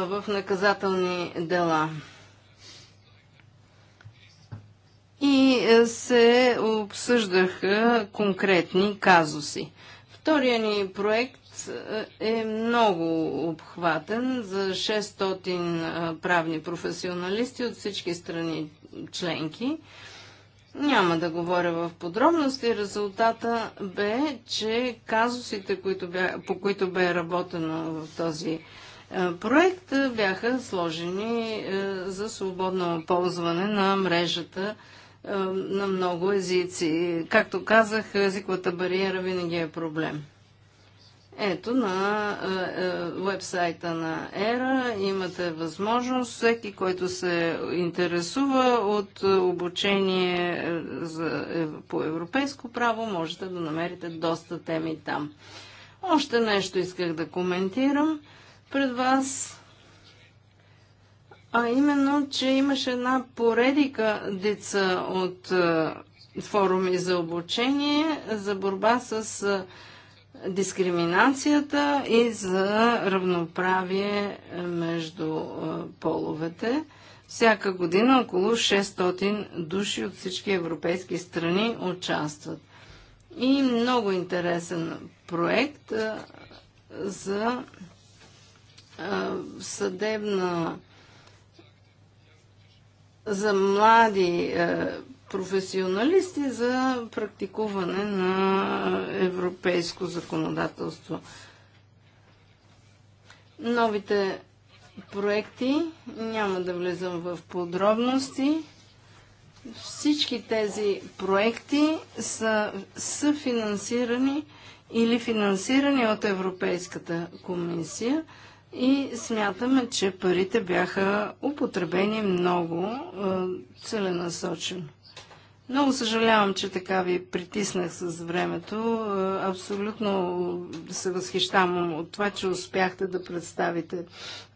в наказателни дела и е, се обсъждаха конкретни казуси. Втория ни проект е, е много обхватен за 600 е, правни професионалисти от всички страни членки. Няма да говоря в подробности. Резултата бе, че казусите, които по които бе работено в този проект, бяха сложени за свободно ползване на мрежата на много езици. Както казах, езиковата бариера винаги е проблем. Ето на вебсайта на ЕРА имате възможност всеки, който се интересува от обучение е, по европейско право, можете да намерите доста теми там. Още нещо исках да коментирам пред вас а именно, че имаше една поредика деца от е, форуми за обучение, за борба с е, дискриминацията и за равноправие е, между половете. Всяка година около 600 души от всички европейски страни участват. И много интересен проект за съдебна за млади е, професионалисти за практикуване на европейско законодателство. Новите проекти, няма да влизам в подробности, всички тези проекти са, са финансирани или финансирани от Европейската комисия и смятаме, че парите бяха употребени много е, целенасочено. Много съжалявам, че така ви притиснах с времето. Е, абсолютно се възхищавам от това, че успяхте да представите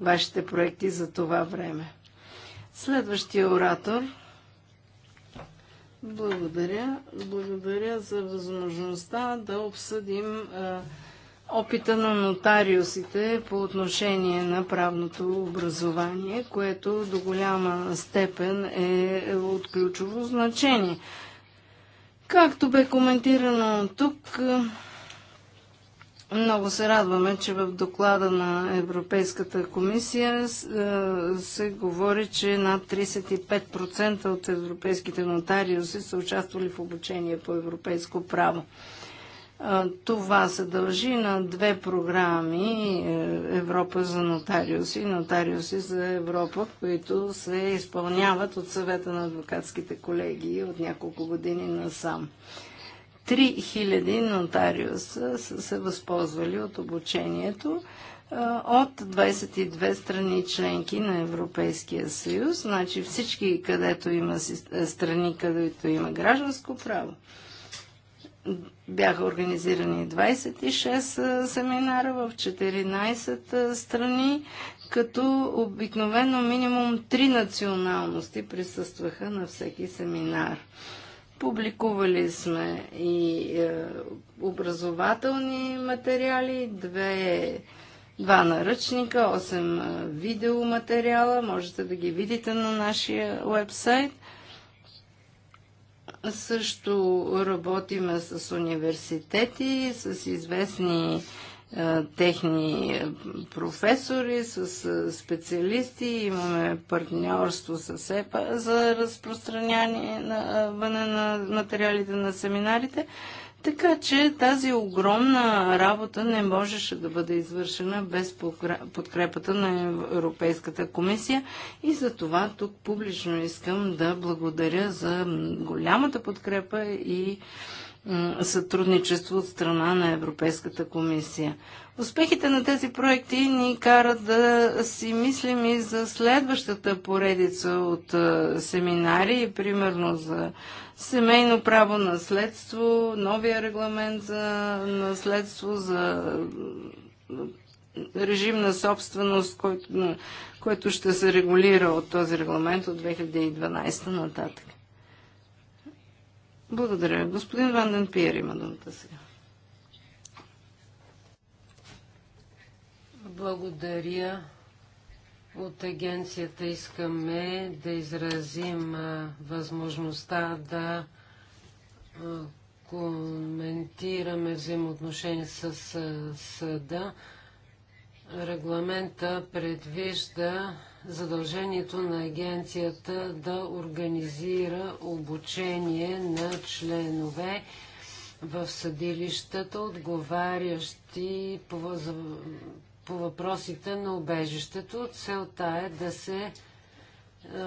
вашите проекти за това време. Следващия оратор. Благодаря. Благодаря за възможността да обсъдим е, опита на нотариусите по отношение на правното образование, което до голяма степен е от ключово значение. Както бе коментирано тук, много се радваме, че в доклада на Европейската комисия е, се говори, че над 35% от европейските нотариуси са участвали в обучение по европейско право. Това се дължи на две програми е, Европа за нотариуси и нотариуси за Европа, които се изпълняват от съвета на адвокатските колеги от няколко години насам. 3000 нотариуса са се възползвали от обучението от 22 страни членки на Европейския съюз, значи всички, където има е, страни, където има гражданско право бяха организирани 26 семинара в 14 страни, като обикновено минимум 3 националности присъстваха на всеки семинар. Публикували сме и е, образователни материали, две, два наръчника, 8 видеоматериала, можете да ги видите на нашия вебсайт – също работиме с университети, с известни техни професори, с специалисти. Имаме партньорство с ЕПА за разпространяване на материалите на семинарите. Така че тази огромна работа не можеше да бъде извършена без подкрепата на Европейската комисия и за това тук публично искам да благодаря за голямата подкрепа и сътрудничество от страна на Европейската комисия. Успехите на тези проекти ни карат да си мислим и за следващата поредица от семинари, примерно за семейно право, наследство, новия регламент за наследство, за режим на собственост, който, който ще се регулира от този регламент от 2012 нататък. Благодаря. Господин Ванден Пиер има думата сега. Благодаря. От агенцията искаме да изразим а, възможността да а, коментираме взаимоотношения с съда. Регламента предвижда задължението на агенцията да организира обучение на членове в съдилищата, отговарящи по, за, по въпросите на обежището. Целта е да се е,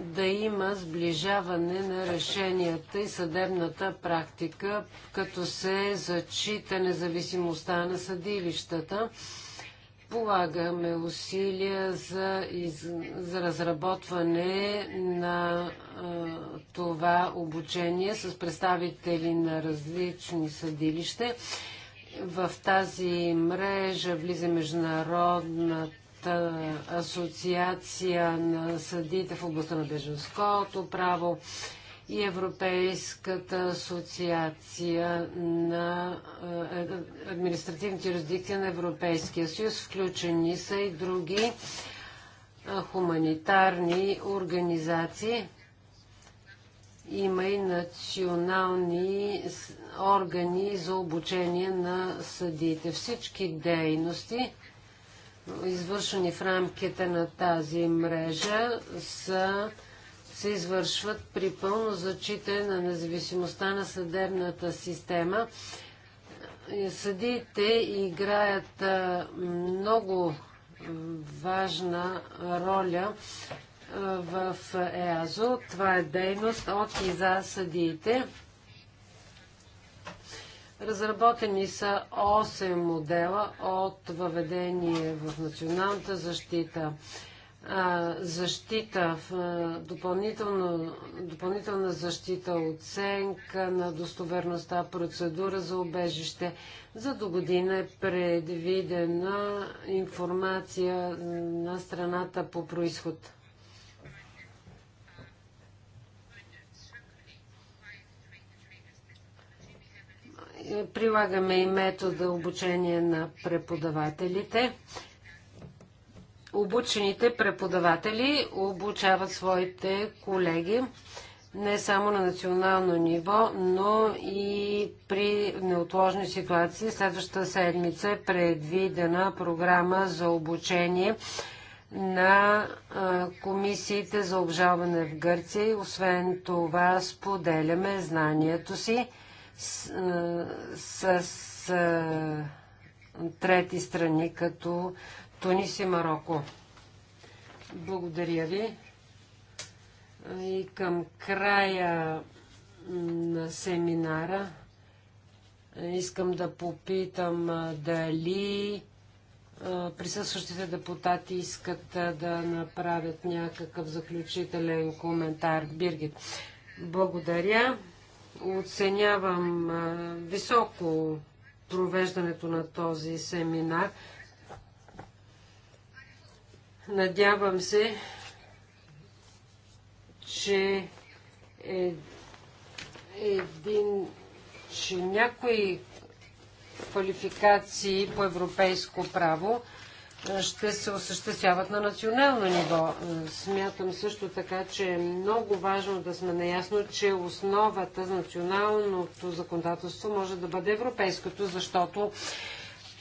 да има сближаване на решенията и съдебната практика, като се зачита независимостта на съдилищата. Полагаме усилия за, из, за разработване на а, това обучение с представители на различни съдилища. В тази мрежа влиза Международната асоциация на съдите в областта на беженското право, и Европейската асоциация на е, е, административните юрисдикции на Европейския съюз. Включени са и други е, хуманитарни организации. Има и национални органи за обучение на съдиите. Всички дейности, извършени в рамките на тази мрежа, са се извършват при пълно зачитане на независимостта на съдебната система. Съдиите играят много важна роля в ЕАЗО. Това е дейност от и за съдиите. Разработени са 8 модела от въведение в националната защита защита, допълнителна защита, оценка на достоверността, процедура за обежище. За до година е предвидена информация на страната по происход. Прилагаме и метода обучение на преподавателите. Обучените преподаватели обучават своите колеги не само на национално ниво, но и при неотложни ситуации. Следващата седмица е предвидена програма за обучение на комисиите за обжалване в Гърция освен това споделяме знанието си с, с трети страни, като Тунис и Марокко. Благодаря ви. И към края на семинара искам да попитам дали присъстващите депутати искат да направят някакъв заключителен коментар. Биргит, благодаря. Оценявам високо провеждането на този семинар. Надявам се, че е, един, че някои квалификации по европейско право ще се осъществяват на национално ниво. Смятам също така, че е много важно да сме наясно, че основата за националното законодателство може да бъде европейското, защото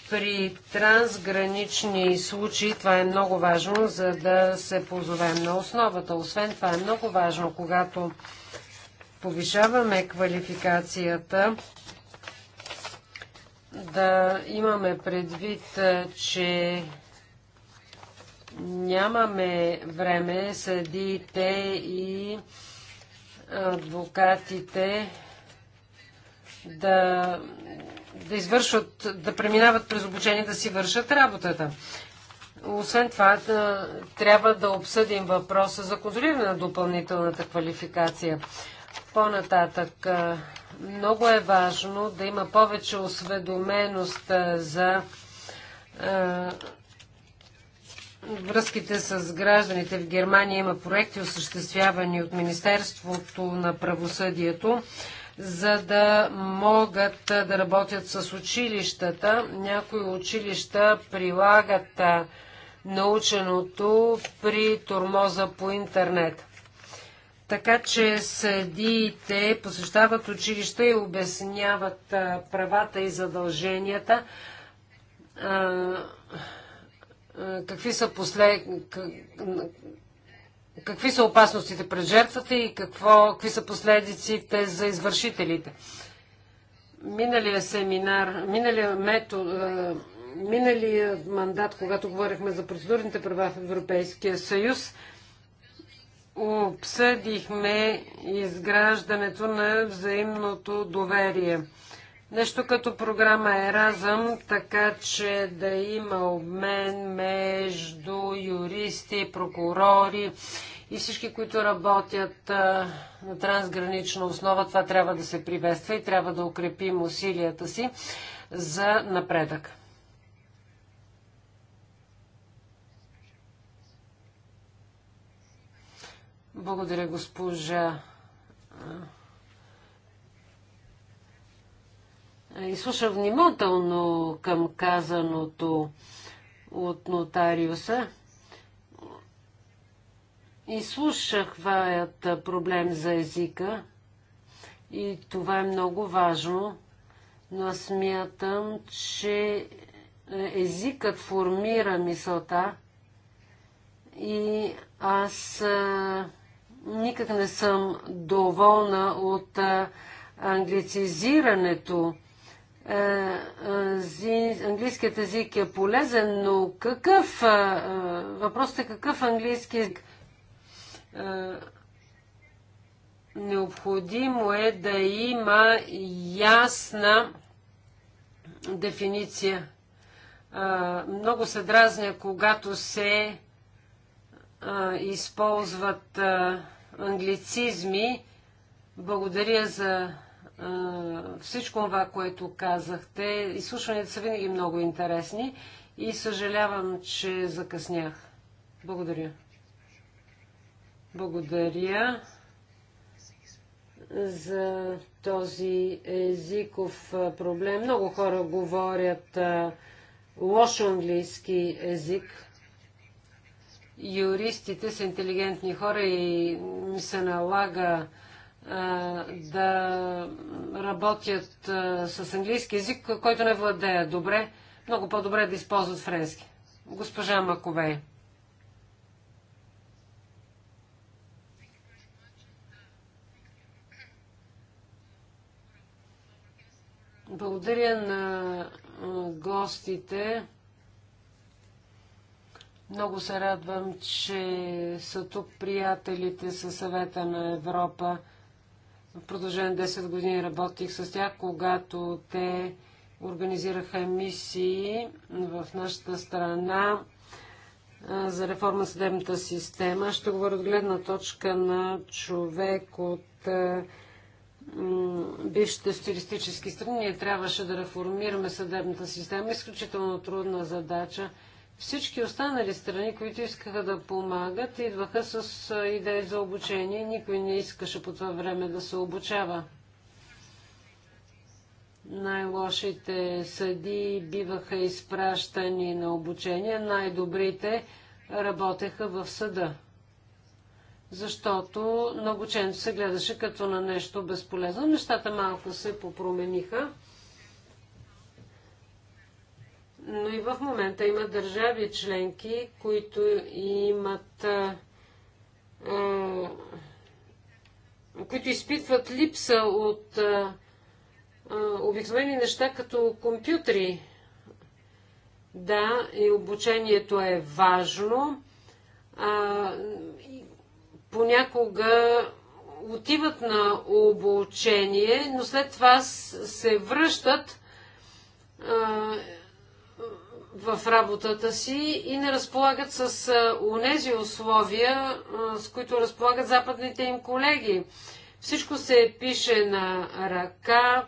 при трансгранични случаи това е много важно, за да се позовем на основата. Освен това е много важно, когато повишаваме квалификацията, да имаме предвид, е, че нямаме време съдиите и адвокатите да да извършват, да преминават през обучение, да си вършат работата. Освен това, да, е, трябва да обсъдим въпроса за контролиране на допълнителната квалификация. По-нататък, е, много е важно да има повече осведоменост е, за връзките с гражданите. В Германия има проекти, осъществявани от Министерството на правосъдието за да могат да работят с училищата. Някои училища прилагат наученото при тормоза по интернет. Така че съдиите посещават училища и обясняват правата и задълженията. Какви са послед какви са опасностите пред жертвата и какво, какви са последиците за извършителите. Миналия семинар, миналия метод, миналия мандат, когато говорихме за процедурните права в Европейския съюз, обсъдихме изграждането на взаимното доверие нещо като програма Еразъм, така че да има обмен между юристи, прокурори и всички, които работят на трансгранична основа. Това трябва да се приветства и трябва да укрепим усилията си за напредък. Благодаря, госпожа. изслуша внимателно към казаното от нотариуса. Изслушах ваят проблем за езика и това е много важно, но аз смятам, че е, езикът формира мисълта и аз никак не съм доволна от англицизирането е, английският език е полезен, но какъв, е, е, въпросът е какъв английски език? Необходимо е да има ясна дефиниция. Много се дразня, когато се използват англицизми. Благодаря за всичко това, което казахте. Изслушванията са винаги много интересни и съжалявам, че закъснях. Благодаря. Благодаря за този езиков проблем. Много хора говорят лош английски език. Юристите са интелигентни хора и ми се налага да работят с английски язик, който не владея добре. Много по-добре да използват френски. Госпожа Маковей. Благодаря на гостите. Много се радвам, че са тук приятелите със съвета на Европа. В продължение на 10 години работих с тях, когато те организираха мисии в нашата страна за реформа на съдебната система. Ще говоря от гледна точка на човек от бившите социалистически страни. Ние трябваше да реформираме съдебната система. Изключително трудна задача – всички останали страни, които искаха да помагат, идваха с идеи за обучение. Никой не искаше по това време да се обучава. Най-лошите съди биваха изпращани на обучение, най-добрите работеха в съда. Защото на обучението се гледаше като на нещо безполезно. Нещата малко се попромениха. Но и в момента има държави членки, които имат а, а, които изпитват липса от а, обикновени неща като компютри. Да, и обучението е важно. А, понякога отиват на обучение, но след това се връщат а, в работата си и не разполагат с унези условия, с които разполагат западните им колеги. Всичко се пише на ръка,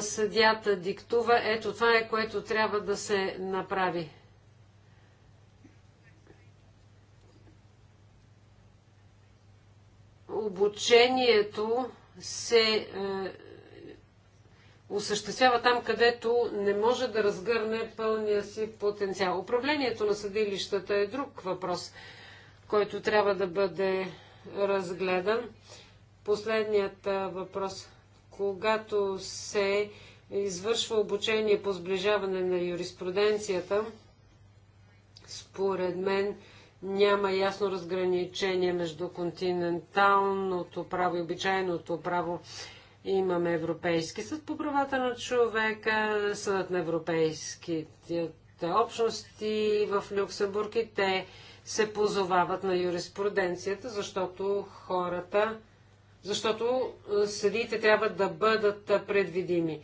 съдята диктува. Ето това е, което трябва да се направи. Обучението се осъществява там, където не може да разгърне пълния си потенциал. Управлението на съдилищата е друг въпрос, който трябва да бъде разгледан. Последният въпрос. Когато се извършва обучение по сближаване на юриспруденцията, според мен няма ясно разграничение между континенталното право и обичайното право. Имаме Европейски съд по правата на човека, съдът на европейските общности в Люксембург и те се позовават на юриспруденцията, защото хората, защото съдиите трябва да бъдат предвидими.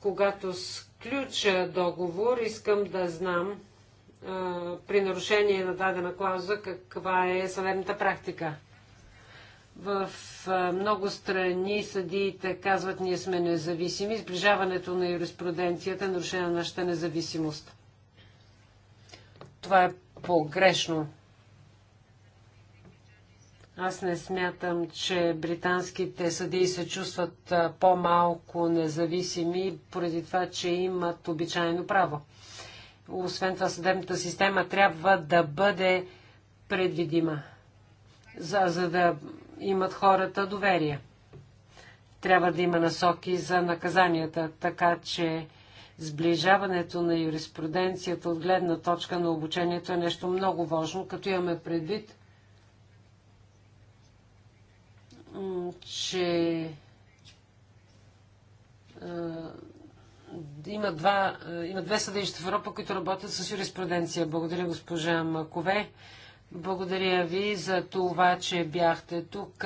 Когато сключа договор, искам да знам при нарушение на дадена клауза каква е съдебната практика. В много страни съдиите казват, ние сме независими. Сближаването на юриспруденцията е нарушение на нашата независимост. Това е погрешно. Аз не смятам, че британските съдии се чувстват по-малко независими, поради това, че имат обичайно право. Освен това, съдебната система трябва да бъде предвидима. За, за да имат хората доверие. Трябва да има насоки за наказанията, така че сближаването на юриспруденцията от гледна точка на обучението е нещо много важно, като имаме предвид, че има, два, има две съдилища в Европа, които работят с юриспруденция. Благодаря, госпожа Макове. Благодаря ви за това, че бяхте тук.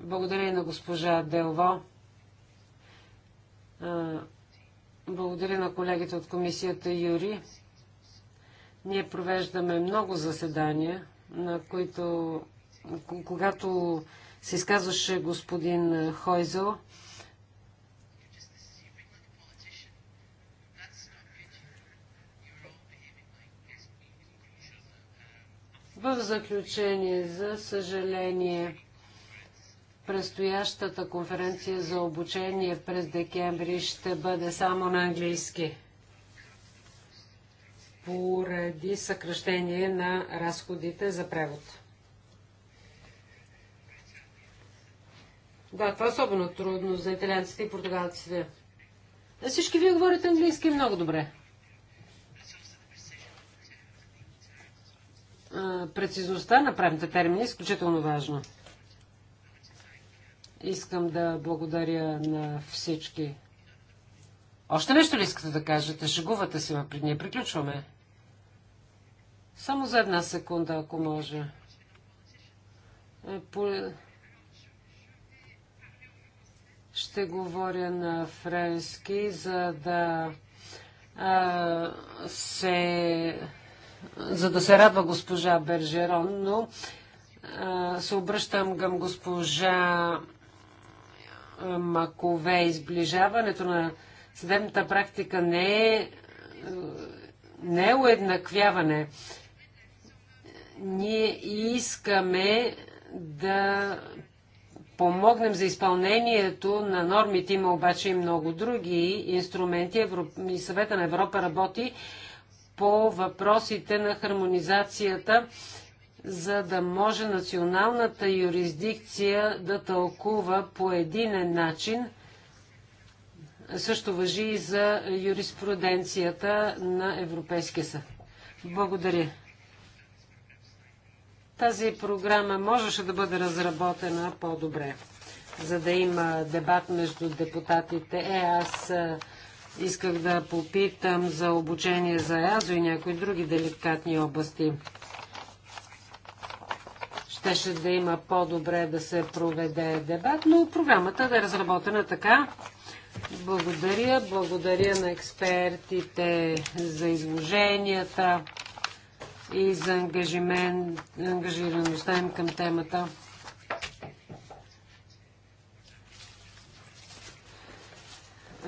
Благодаря на госпожа Делво. Благодаря на колегите от комисията Юри. Ние провеждаме много заседания, на които, когато се изказваше господин Хойзел, В заключение, за съжаление, предстоящата конференция за обучение през декември ще бъде само на английски поради съкръщение на разходите за превод. Да, това е особено трудно за италианците и португалците. А всички вие говорите английски много добре. прецизността на правните термини е изключително важна. Искам да благодаря на всички. Още нещо ли искате да кажете? Шегувате си, при ние приключваме. Само за една секунда, ако може. Е, по... Ще говоря на френски, за да а, се за да се радва госпожа Бержерон, но а, се обръщам към госпожа Макове. Изближаването на съдебната практика не е, не е уеднаквяване. Ние искаме да помогнем за изпълнението на нормите. Има обаче и много други инструменти. Европ... И съвета на Европа работи по въпросите на хармонизацията, за да може националната юрисдикция да тълкува по единен начин. Също въжи и за юриспруденцията на Европейския съд. Благодаря. Тази програма можеше да бъде разработена по-добре, за да има дебат между депутатите. Е, аз Исках да попитам за обучение за язо и някои други деликатни области. Щеше да има по-добре да се проведе дебат, но програмата да е разработена така. Благодаря, благодаря на експертите за изложенията и за ангажимент, ангажираността им към темата.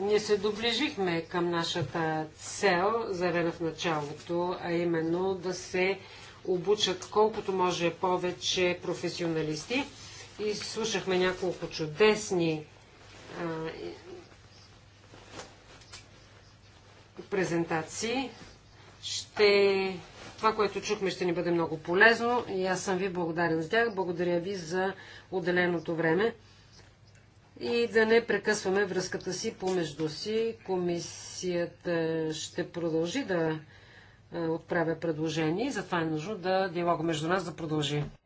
Ние се доближихме към нашата цел, зарена в началото, а именно да се обучат колкото може повече професионалисти. И слушахме няколко чудесни а, презентации. Ще... Това, което чухме, ще ни бъде много полезно и аз съм ви благодарен за тях. Благодаря ви за отделеното време и да не прекъсваме връзката си помежду си. Комисията ще продължи да отправя предложения и затова е нужно да диалога между нас да продължи.